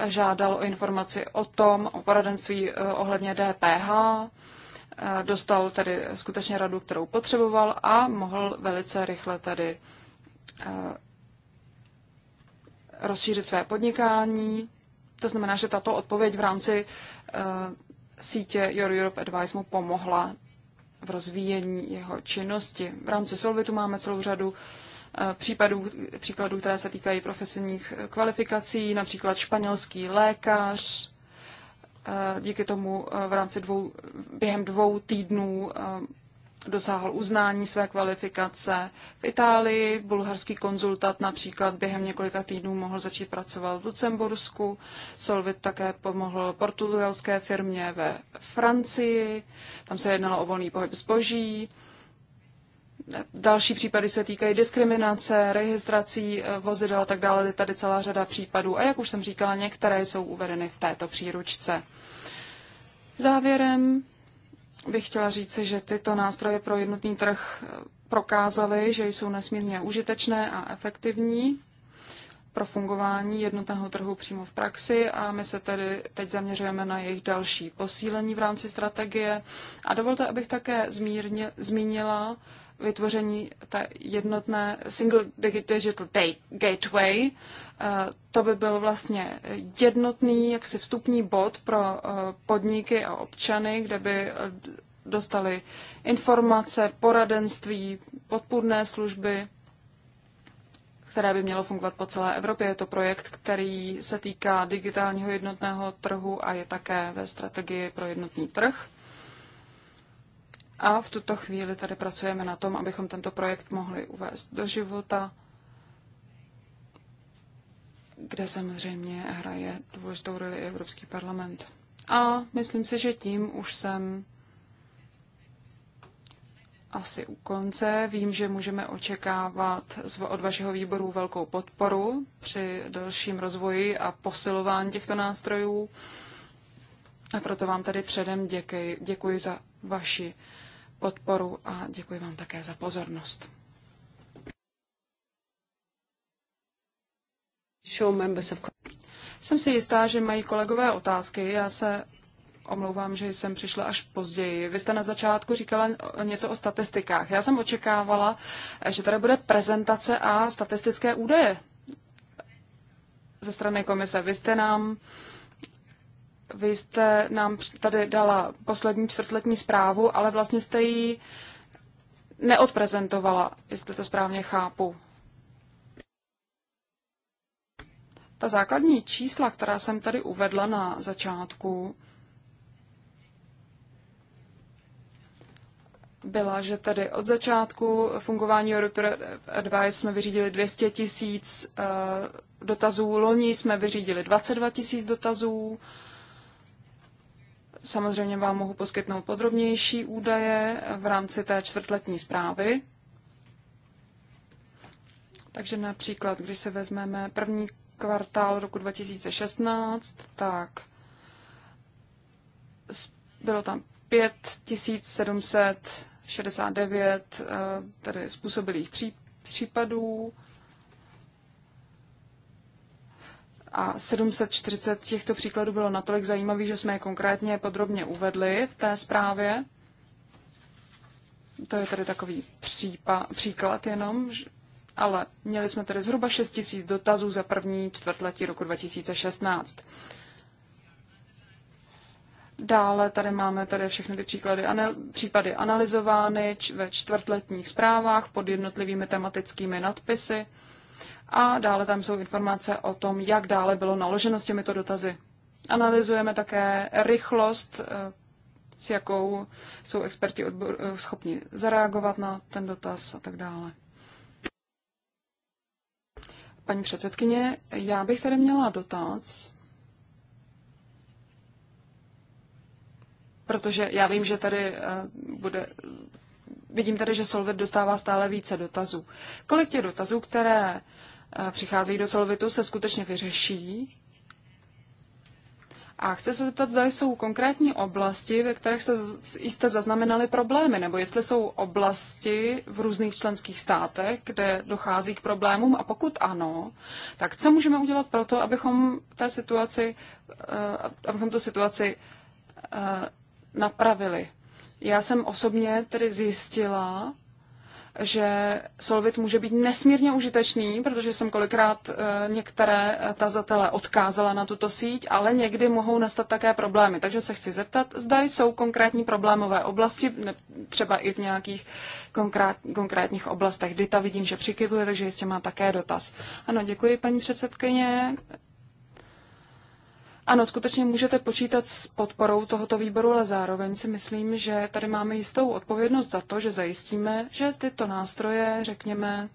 žádal o informaci o tom, o poradenství eh, ohledně DPH, eh, dostal tedy skutečně radu, kterou potřeboval a mohl velice rychle tedy eh, rozšířit své podnikání. To znamená, že tato odpověď v rámci sítě Your Europe Advice mu pomohla v rozvíjení jeho činnosti. V rámci Solvitu máme celou řadu Eh, případů, příkladů, které se týkají profesionních kvalifikací, například španělský lékař. Eh, díky tomu eh, v rámci dvou, během dvou týdnů dosáhl uznání své kvalifikace. V Itálii bulharský konzultant například během několika týdnů mohl začít pracovat v Lucembursku. Solvit také pomohl portugalské firmě ve Francii. Tam se jednalo o volný pohyb zboží. Další případy se týkají diskriminace, registrací eh, vozidel a tak dále. Je tady celá řada případů a jak už jsem říkala, některé jsou uvedeny v této příručce. Závěrem bych chtěla říci, že tyto nástroje pro jednotný trh eh, prokázaly, že jsou nesmírně užitečné a efektivní pro fungování jednotného trhu přímo v praxi a my se tedy teď zaměřujeme na jejich další posílení v rámci strategie. A dovolte, abych také zmírně, zmínila vytvoření té jednotné single digital gateway. Eh, to by byl vlastně jednotný jaksi vstupní bod pro eh, podniky a občany, kde by eh, dostali informace, poradenství, podpůrné služby, které by mělo fungovat po celé Evropě. Je to projekt, který se týká digitálního jednotného trhu a je také ve strategii pro jednotný trh. A v tuto chvíli tady pracujeme na tom, abychom tento projekt mohli uvést do života, kde samozřejmě hraje důležitou roli Evropský parlament. A myslím si, že tím už jsem asi u konce. Vím, že můžeme očekávat od vašeho výboru velkou podporu při dalším rozvoji a posilování těchto nástrojů. A proto vám tady předem děkuji, děkuji za vaši podporu a děkuji vám také za pozornost. Jsem si jistá, že mají kolegové otázky. Já se omlouvám, že jsem přišla až později. Vy jste na začátku říkala něco o statistikách. Já jsem očekávala, že tady bude prezentace a statistické údaje ze strany komise. Vy jste nám uh, vy jste nám tady dala poslední čtvrtletní zprávu, ale vlastně jste ji neodprezentovala, jestli to správně chápu. Ta základní čísla, která jsem tady uvedla na začátku, byla, že tedy od začátku fungování Europe Advice jsme vyřídili 200 tisíc eh, dotazů, loni jsme vyřídili 22 tisíc dotazů, Samozřejmě vám mohu poskytnout podrobnější údaje v rámci té čtvrtletní zprávy. Takže například, když se vezmeme první kvartál roku 2016, tak bylo tam 5769 eh, tedy způsobilých případů a 740 těchto příkladů bylo natolik zajímavých, že jsme je konkrétně podrobně uvedli v té zprávě. To je tady takový přípa, příklad jenom, ale měli jsme tady zhruba 6 000 dotazů za první čtvrtletí roku 2016. Dále tady máme tady všechny ty příklady, anal, případy analyzovány č, ve čtvrtletních zprávách pod jednotlivými tematickými nadpisy. A dále tam jsou informace o tom, jak dále bylo naloženo s těmito dotazy. Analyzujeme také rychlost, eh, s jakou jsou experti odbor, eh, schopni zareagovat na ten dotaz a tak dále. Paní předsedkyně, já bych tady měla dotaz, protože já vím, že tady eh, bude, vidím tady, že Solvit dostává stále více dotazů. Kolik těch dotazů, které přicházejí do solvitu, se skutečně vyřeší. A chci se zeptat, zda jsou konkrétní oblasti, ve kterých se, jste zaznamenali problémy, nebo jestli jsou oblasti v různých členských státech, kde dochází k problémům, a pokud ano, tak co můžeme udělat pro to, abychom, té situaci, eh, abychom tu situaci eh, napravili. Já jsem osobně tedy zjistila, že Solvit může být nesmírně užitečný, protože jsem kolikrát eh, některé eh, tazatele odkázala na tuto síť, ale někdy mohou nastat také problémy. Takže se chci zeptat, zda jsou konkrétní problémové oblasti, třeba i v nějakých konkrét, konkrétních oblastech. Dita vidím, že přikivuje, takže jistě má také dotaz. Ano, děkuji paní předsedkyně. Ano, skutečně můžete počítat s podporou tohoto výboru, ale zároveň si myslím, že tady máme jistou odpovědnost za to, že zajistíme, že tyto nástroje, řekněme,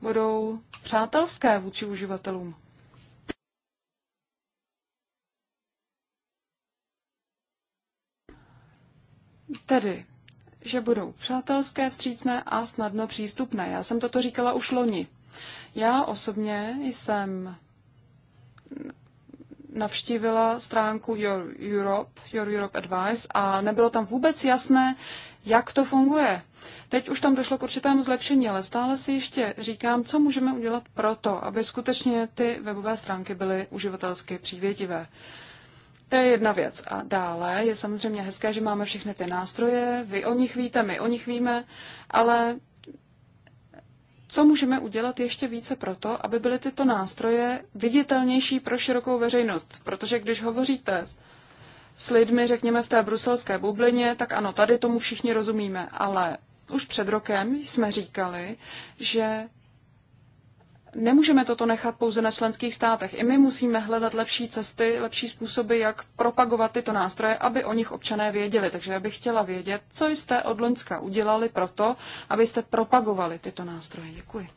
budou přátelské vůči uživatelům. Tedy, že budou přátelské, vstřícné a snadno přístupné. Já jsem toto říkala už loni. Já osobně jsem navštívila stránku Your Europe, Your Europe Advice a nebylo tam vůbec jasné, jak to funguje. Teď už tam došlo k určitému zlepšení, ale stále si ještě říkám, co můžeme udělat pro to, aby skutečně ty webové stránky byly uživatelsky přívětivé. To je jedna věc. A dále je samozřejmě hezké, že máme všechny ty nástroje, vy o nich víte, my o nich víme, ale co můžeme udělat ještě více proto, aby byly tyto nástroje viditelnější pro širokou veřejnost. Protože když hovoříte s lidmi, řekněme, v té bruselské bublině, tak ano, tady tomu všichni rozumíme, ale už před rokem jsme říkali, že nemůžeme toto nechat pouze na členských státech. I my musíme hledat lepší cesty, lepší způsoby, jak propagovat tyto nástroje, aby o nich občané věděli. Takže já bych chtěla vědět, co jste od Loňska udělali pro to, abyste propagovali tyto nástroje. Děkuji.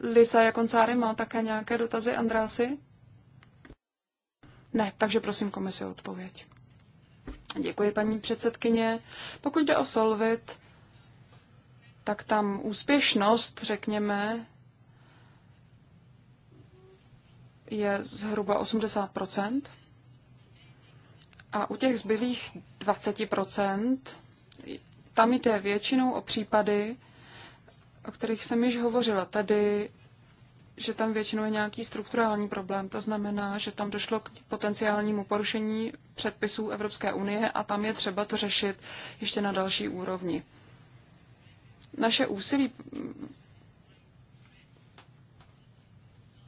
Lisa Jakoncáry má také nějaké dotazy, Andrásy? Ne, takže prosím komisi odpověď. Děkuji, paní předsedkyně. Pokud jde o Solvit, tak tam úspěšnost, řekněme, je zhruba 80 a u těch zbylých 20 tam jde většinou o případy, o kterých jsem již hovořila. tady, že tam většinou je nějaký strukturální problém. To znamená, že tam došlo k potenciálnímu porušení předpisů Evropské unie a tam je třeba to řešit ještě na další úrovni. Naše úsilí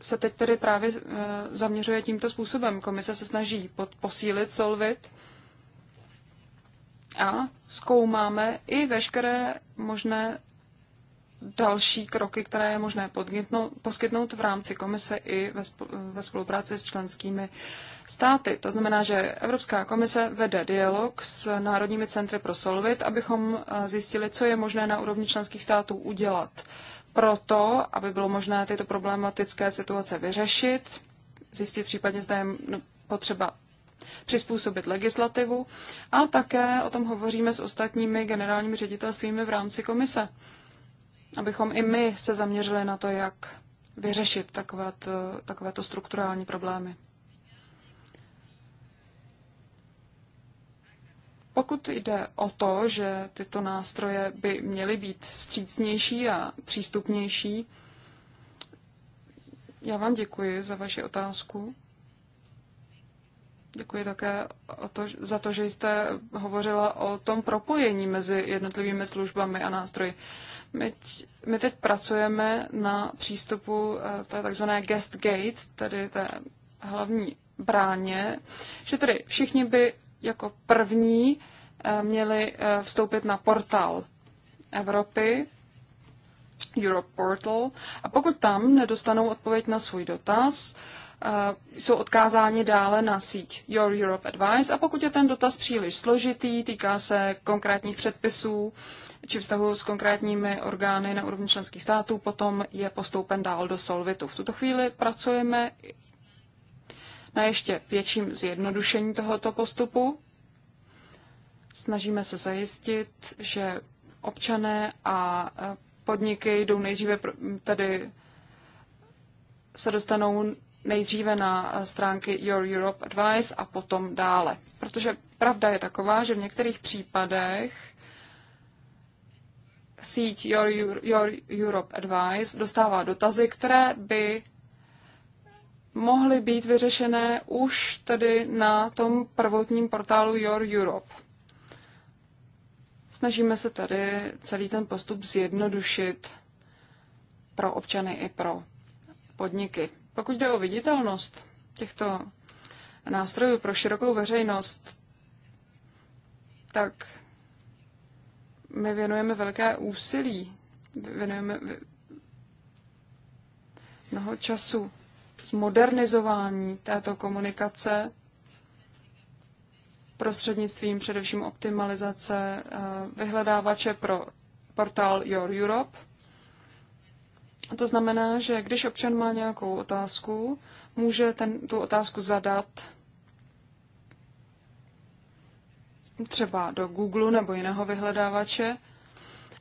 se teď tedy právě eh, zaměřuje tímto způsobem. Komise se snaží posílit Solvit a zkoumáme i veškeré možné další kroky, které je možné poskytnout v rámci komise i ve spolupráci s členskými uh, státy. To znamená, že Evropská komise vede dialog s národními centry pro Solvit, abychom eh, zjistili, co je možné na úrovni členských států udělat proto, aby bylo možné tyto problematické situace vyřešit, zjistit případně, zda je no, potřeba přizpůsobit legislativu a také o tom hovoříme s ostatními generálními ředitelstvími v rámci komise, abychom i my se zaměřili na to, jak vyřešit takovéto, takovéto strukturální problémy. Pokud jde o to, že tyto nástroje by měly být vstřícnější a přístupnější, já vám děkuji za vaši otázku. Děkuji také o to, za to, že jste hovořila o tom propojení mezi jednotlivými službami a nástroji. My, my teď pracujeme na přístupu eh, té takzvané guest gate, tedy té hlavní bráně, že tedy všichni by jako první eh, měli eh, vstoupit na portál Evropy, Europe Portal, a pokud tam nedostanou odpověď na svůj dotaz, eh, jsou odkázáni dále na síť Your Europe Advice a pokud je ten dotaz příliš složitý, týká se konkrétních předpisů či vztahu s konkrétními orgány na úrovni členských států, potom je postoupen dál do Solvitu. V tuto chvíli pracujeme na ještě větším zjednodušení tohoto postupu. Snažíme se zajistit, že občané a podniky jdou nejdříve tedy se dostanou nejdříve na stránky Your Europe Advice a potom dále. Protože pravda je taková, že v některých případech síť Your, Your Europe Advice dostává dotazy, které by mohly být vyřešené už tedy na tom prvotním portálu Your Europe. Snažíme se tady celý ten postup zjednodušit pro občany i pro podniky. Pokud jde o viditelnost těchto nástrojů pro širokou veřejnost, tak my věnujeme velké úsilí, věnujeme mnoho času zmodernizování této komunikace prostřednictvím především optimalizace eh, vyhledávače pro portál Your Europe. A to znamená, že když občan má nějakou otázku, může ten, tu otázku zadat třeba do Google nebo jiného vyhledávače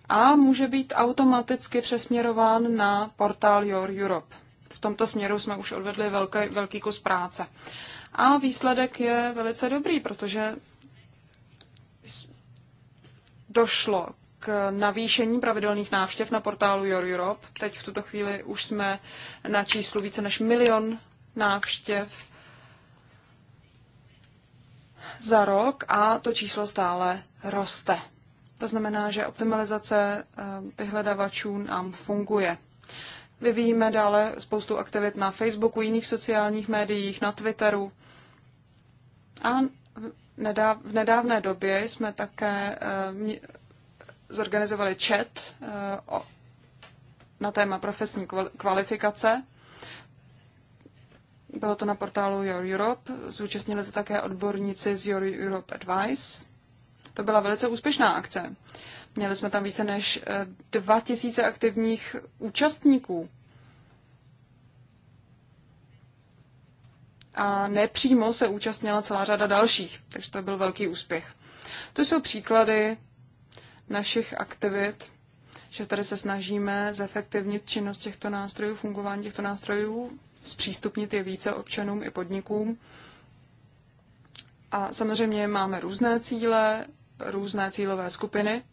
a může být automaticky přesměrován na portál Your Europe tomto směru jsme už odvedli velký, velký kus práce. A výsledek je velice dobrý, protože došlo k navýšení pravidelných návštěv na portálu Your Europe. Teď v tuto chvíli už jsme na číslu více než milion návštěv za rok a to číslo stále roste. To znamená, že optimalizace eh, vyhledavačů nám funguje. Vyvíjíme dále spoustu aktivit na Facebooku, jiných sociálních médiích, na Twitteru. A v nedávné době jsme také eh, zorganizovali chat eh, na téma profesní kvalifikace. Bylo to na portálu Your Europe. Zúčastnili se také odborníci z Your Europe Advice. To byla velice úspěšná akce. Měli jsme tam více než 2000 eh, aktivních účastníků. A nepřímo se účastnila celá řada dalších, takže to byl velký úspěch. To jsou příklady našich aktivit, že tady se snažíme zefektivnit činnost těchto nástrojů, fungování těchto nástrojů, zpřístupnit je více občanům i podnikům. A samozřejmě máme různé cíle, různé cílové skupiny.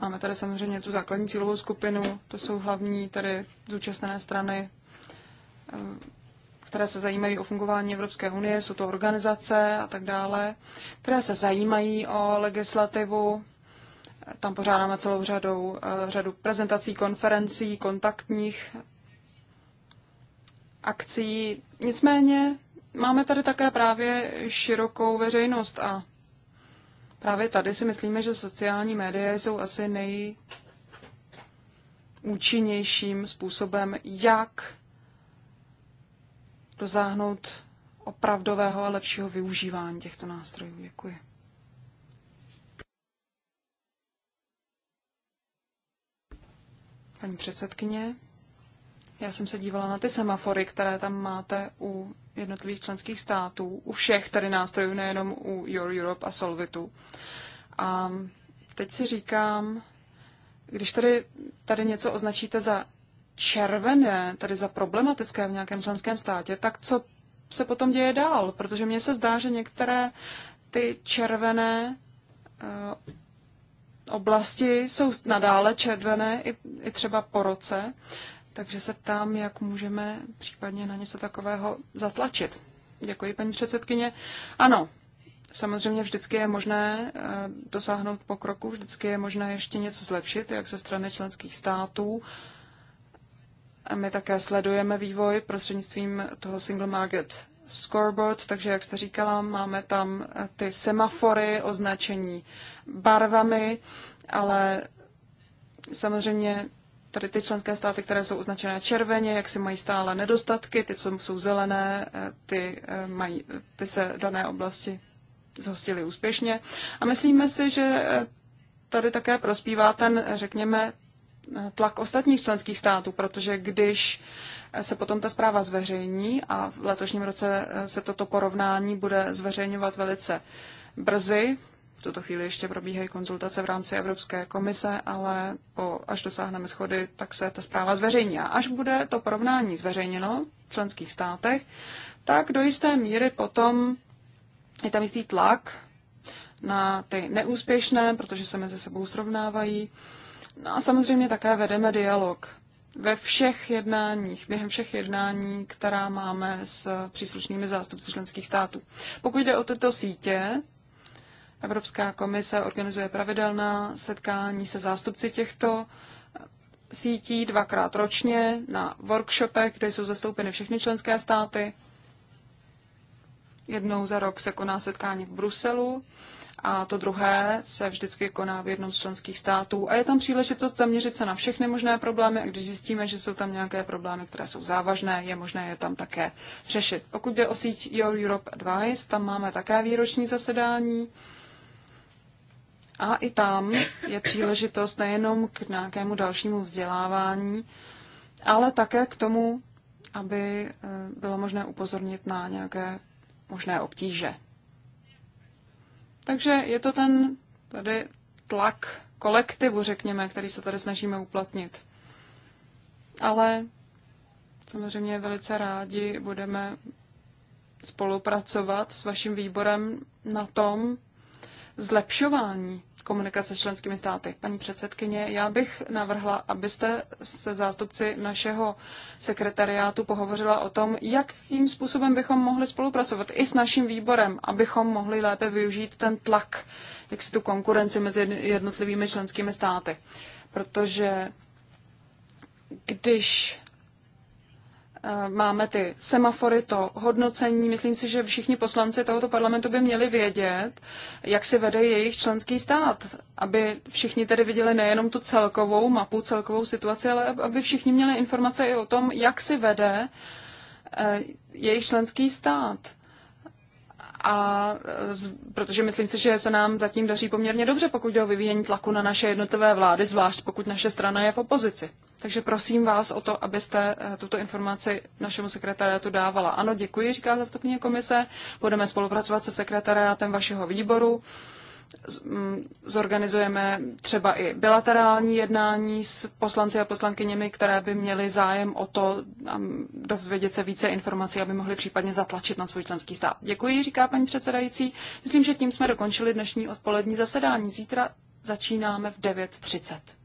Máme tady samozřejmě tu základní cílovou skupinu, to jsou hlavní tady zúčastněné strany, eh, které se zajímají o fungování Evropské unie, jsou to organizace a tak dále, které se zajímají o legislativu. Tam pořádáme celou řadou, eh, řadu prezentací, konferencí, kontaktních akcí. Nicméně máme tady také právě širokou veřejnost a Právě tady si myslíme, že sociální média jsou asi nejúčinnějším způsobem, jak dosáhnout opravdového a lepšího využívání těchto nástrojů. Děkuji. Paní předsedkyně. Já jsem se dívala na ty semafory, které tam máte u jednotlivých členských států, u všech tady nástrojů, nejenom u Your Europe a Solvitu. A teď si říkám, když tady, tady něco označíte za červené, tady za problematické v nějakém členském státě, tak co se potom děje dál? Protože mně se zdá, že některé ty červené uh, oblasti jsou nadále červené i, i třeba po roce. Takže se ptám, jak můžeme případně na něco takového zatlačit. Děkuji, paní předsedkyně. Ano, samozřejmě vždycky je možné eh, dosáhnout pokroku, vždycky je možné ještě něco zlepšit, jak ze strany členských států. A my také sledujeme vývoj prostřednictvím toho Single Market scoreboard, takže jak jste říkala, máme tam eh, ty semafory označení barvami, ale samozřejmě tady ty členské státy, které jsou označené červeně, jak si mají stále nedostatky, ty, co jsou zelené, eh, ty, eh, mají, eh, ty se dané oblasti zhostily úspěšně. A myslíme si, že tady také prospívá ten, řekněme, tlak ostatních členských států, protože když se potom ta zpráva zveřejní a v letošním roce se toto porovnání bude zveřejňovat velice brzy, v tuto chvíli ještě probíhají konzultace v rámci Evropské komise, ale po, až dosáhneme schody, tak se ta zpráva zveřejní. A až bude to porovnání zveřejněno v členských státech, tak do jisté míry potom je tam jistý tlak na ty neúspěšné, protože se mezi sebou srovnávají. No a samozřejmě také vedeme dialog ve všech jednáních, během všech jednání, která máme s příslušnými zástupci členských států. Pokud jde o tyto sítě, Evropská komise organizuje pravidelná setkání se zástupci těchto sítí dvakrát ročně na workshopech, kde jsou zastoupeny všechny členské státy. Jednou za rok se koná setkání v Bruselu a to druhé se vždycky koná v jednom z členských států. A je tam příležitost zaměřit se na všechny možné problémy a když zjistíme, že jsou tam nějaké problémy, které jsou závažné, je možné je tam také řešit. Pokud jde o síť Your Europe Advice, tam máme také výroční zasedání a i tam je příležitost nejenom k nějakému dalšímu vzdělávání, ale také k tomu, aby eh, bylo možné upozornit na nějaké možné obtíže. Takže je to ten tady tlak kolektivu, řekněme, který se tady snažíme uplatnit. Ale samozřejmě velice rádi budeme spolupracovat s vaším výborem na tom zlepšování komunikace s členskými státy. Paní předsedkyně, já bych navrhla, abyste se zástupci našeho sekretariátu pohovořila o tom, jakým způsobem bychom mohli spolupracovat i s naším výborem, abychom mohli lépe využít ten tlak, jak si tu konkurenci mezi jednotlivými členskými státy. Protože když Eh, máme ty semafory, to hodnocení. Myslím si, že všichni poslanci tohoto parlamentu by měli vědět, jak si vede jejich členský stát, aby všichni tedy viděli nejenom tu celkovou mapu, celkovou situaci, ale aby všichni měli informace i o tom, jak si vede eh, jejich členský stát a e, z, protože myslím si, že se nám zatím daří poměrně dobře, pokud jde o vyvíjení tlaku na naše jednotlivé vlády, zvlášť pokud naše strana je v opozici. Takže prosím vás o to, abyste e, tuto informaci našemu sekretariátu dávala. Ano, děkuji, říká zastupní komise. Budeme spolupracovat se sekretariátem vašeho výboru. Mm, zorganizujeme třeba i bilaterální jednání s poslanci a poslankyněmi, které by měly zájem o to dovědět se více informací, aby mohli případně zatlačit na svůj členský stát. Děkuji, říká paní předsedající. Myslím, že tím jsme dokončili dnešní odpolední zasedání. Zítra začínáme v 9.30.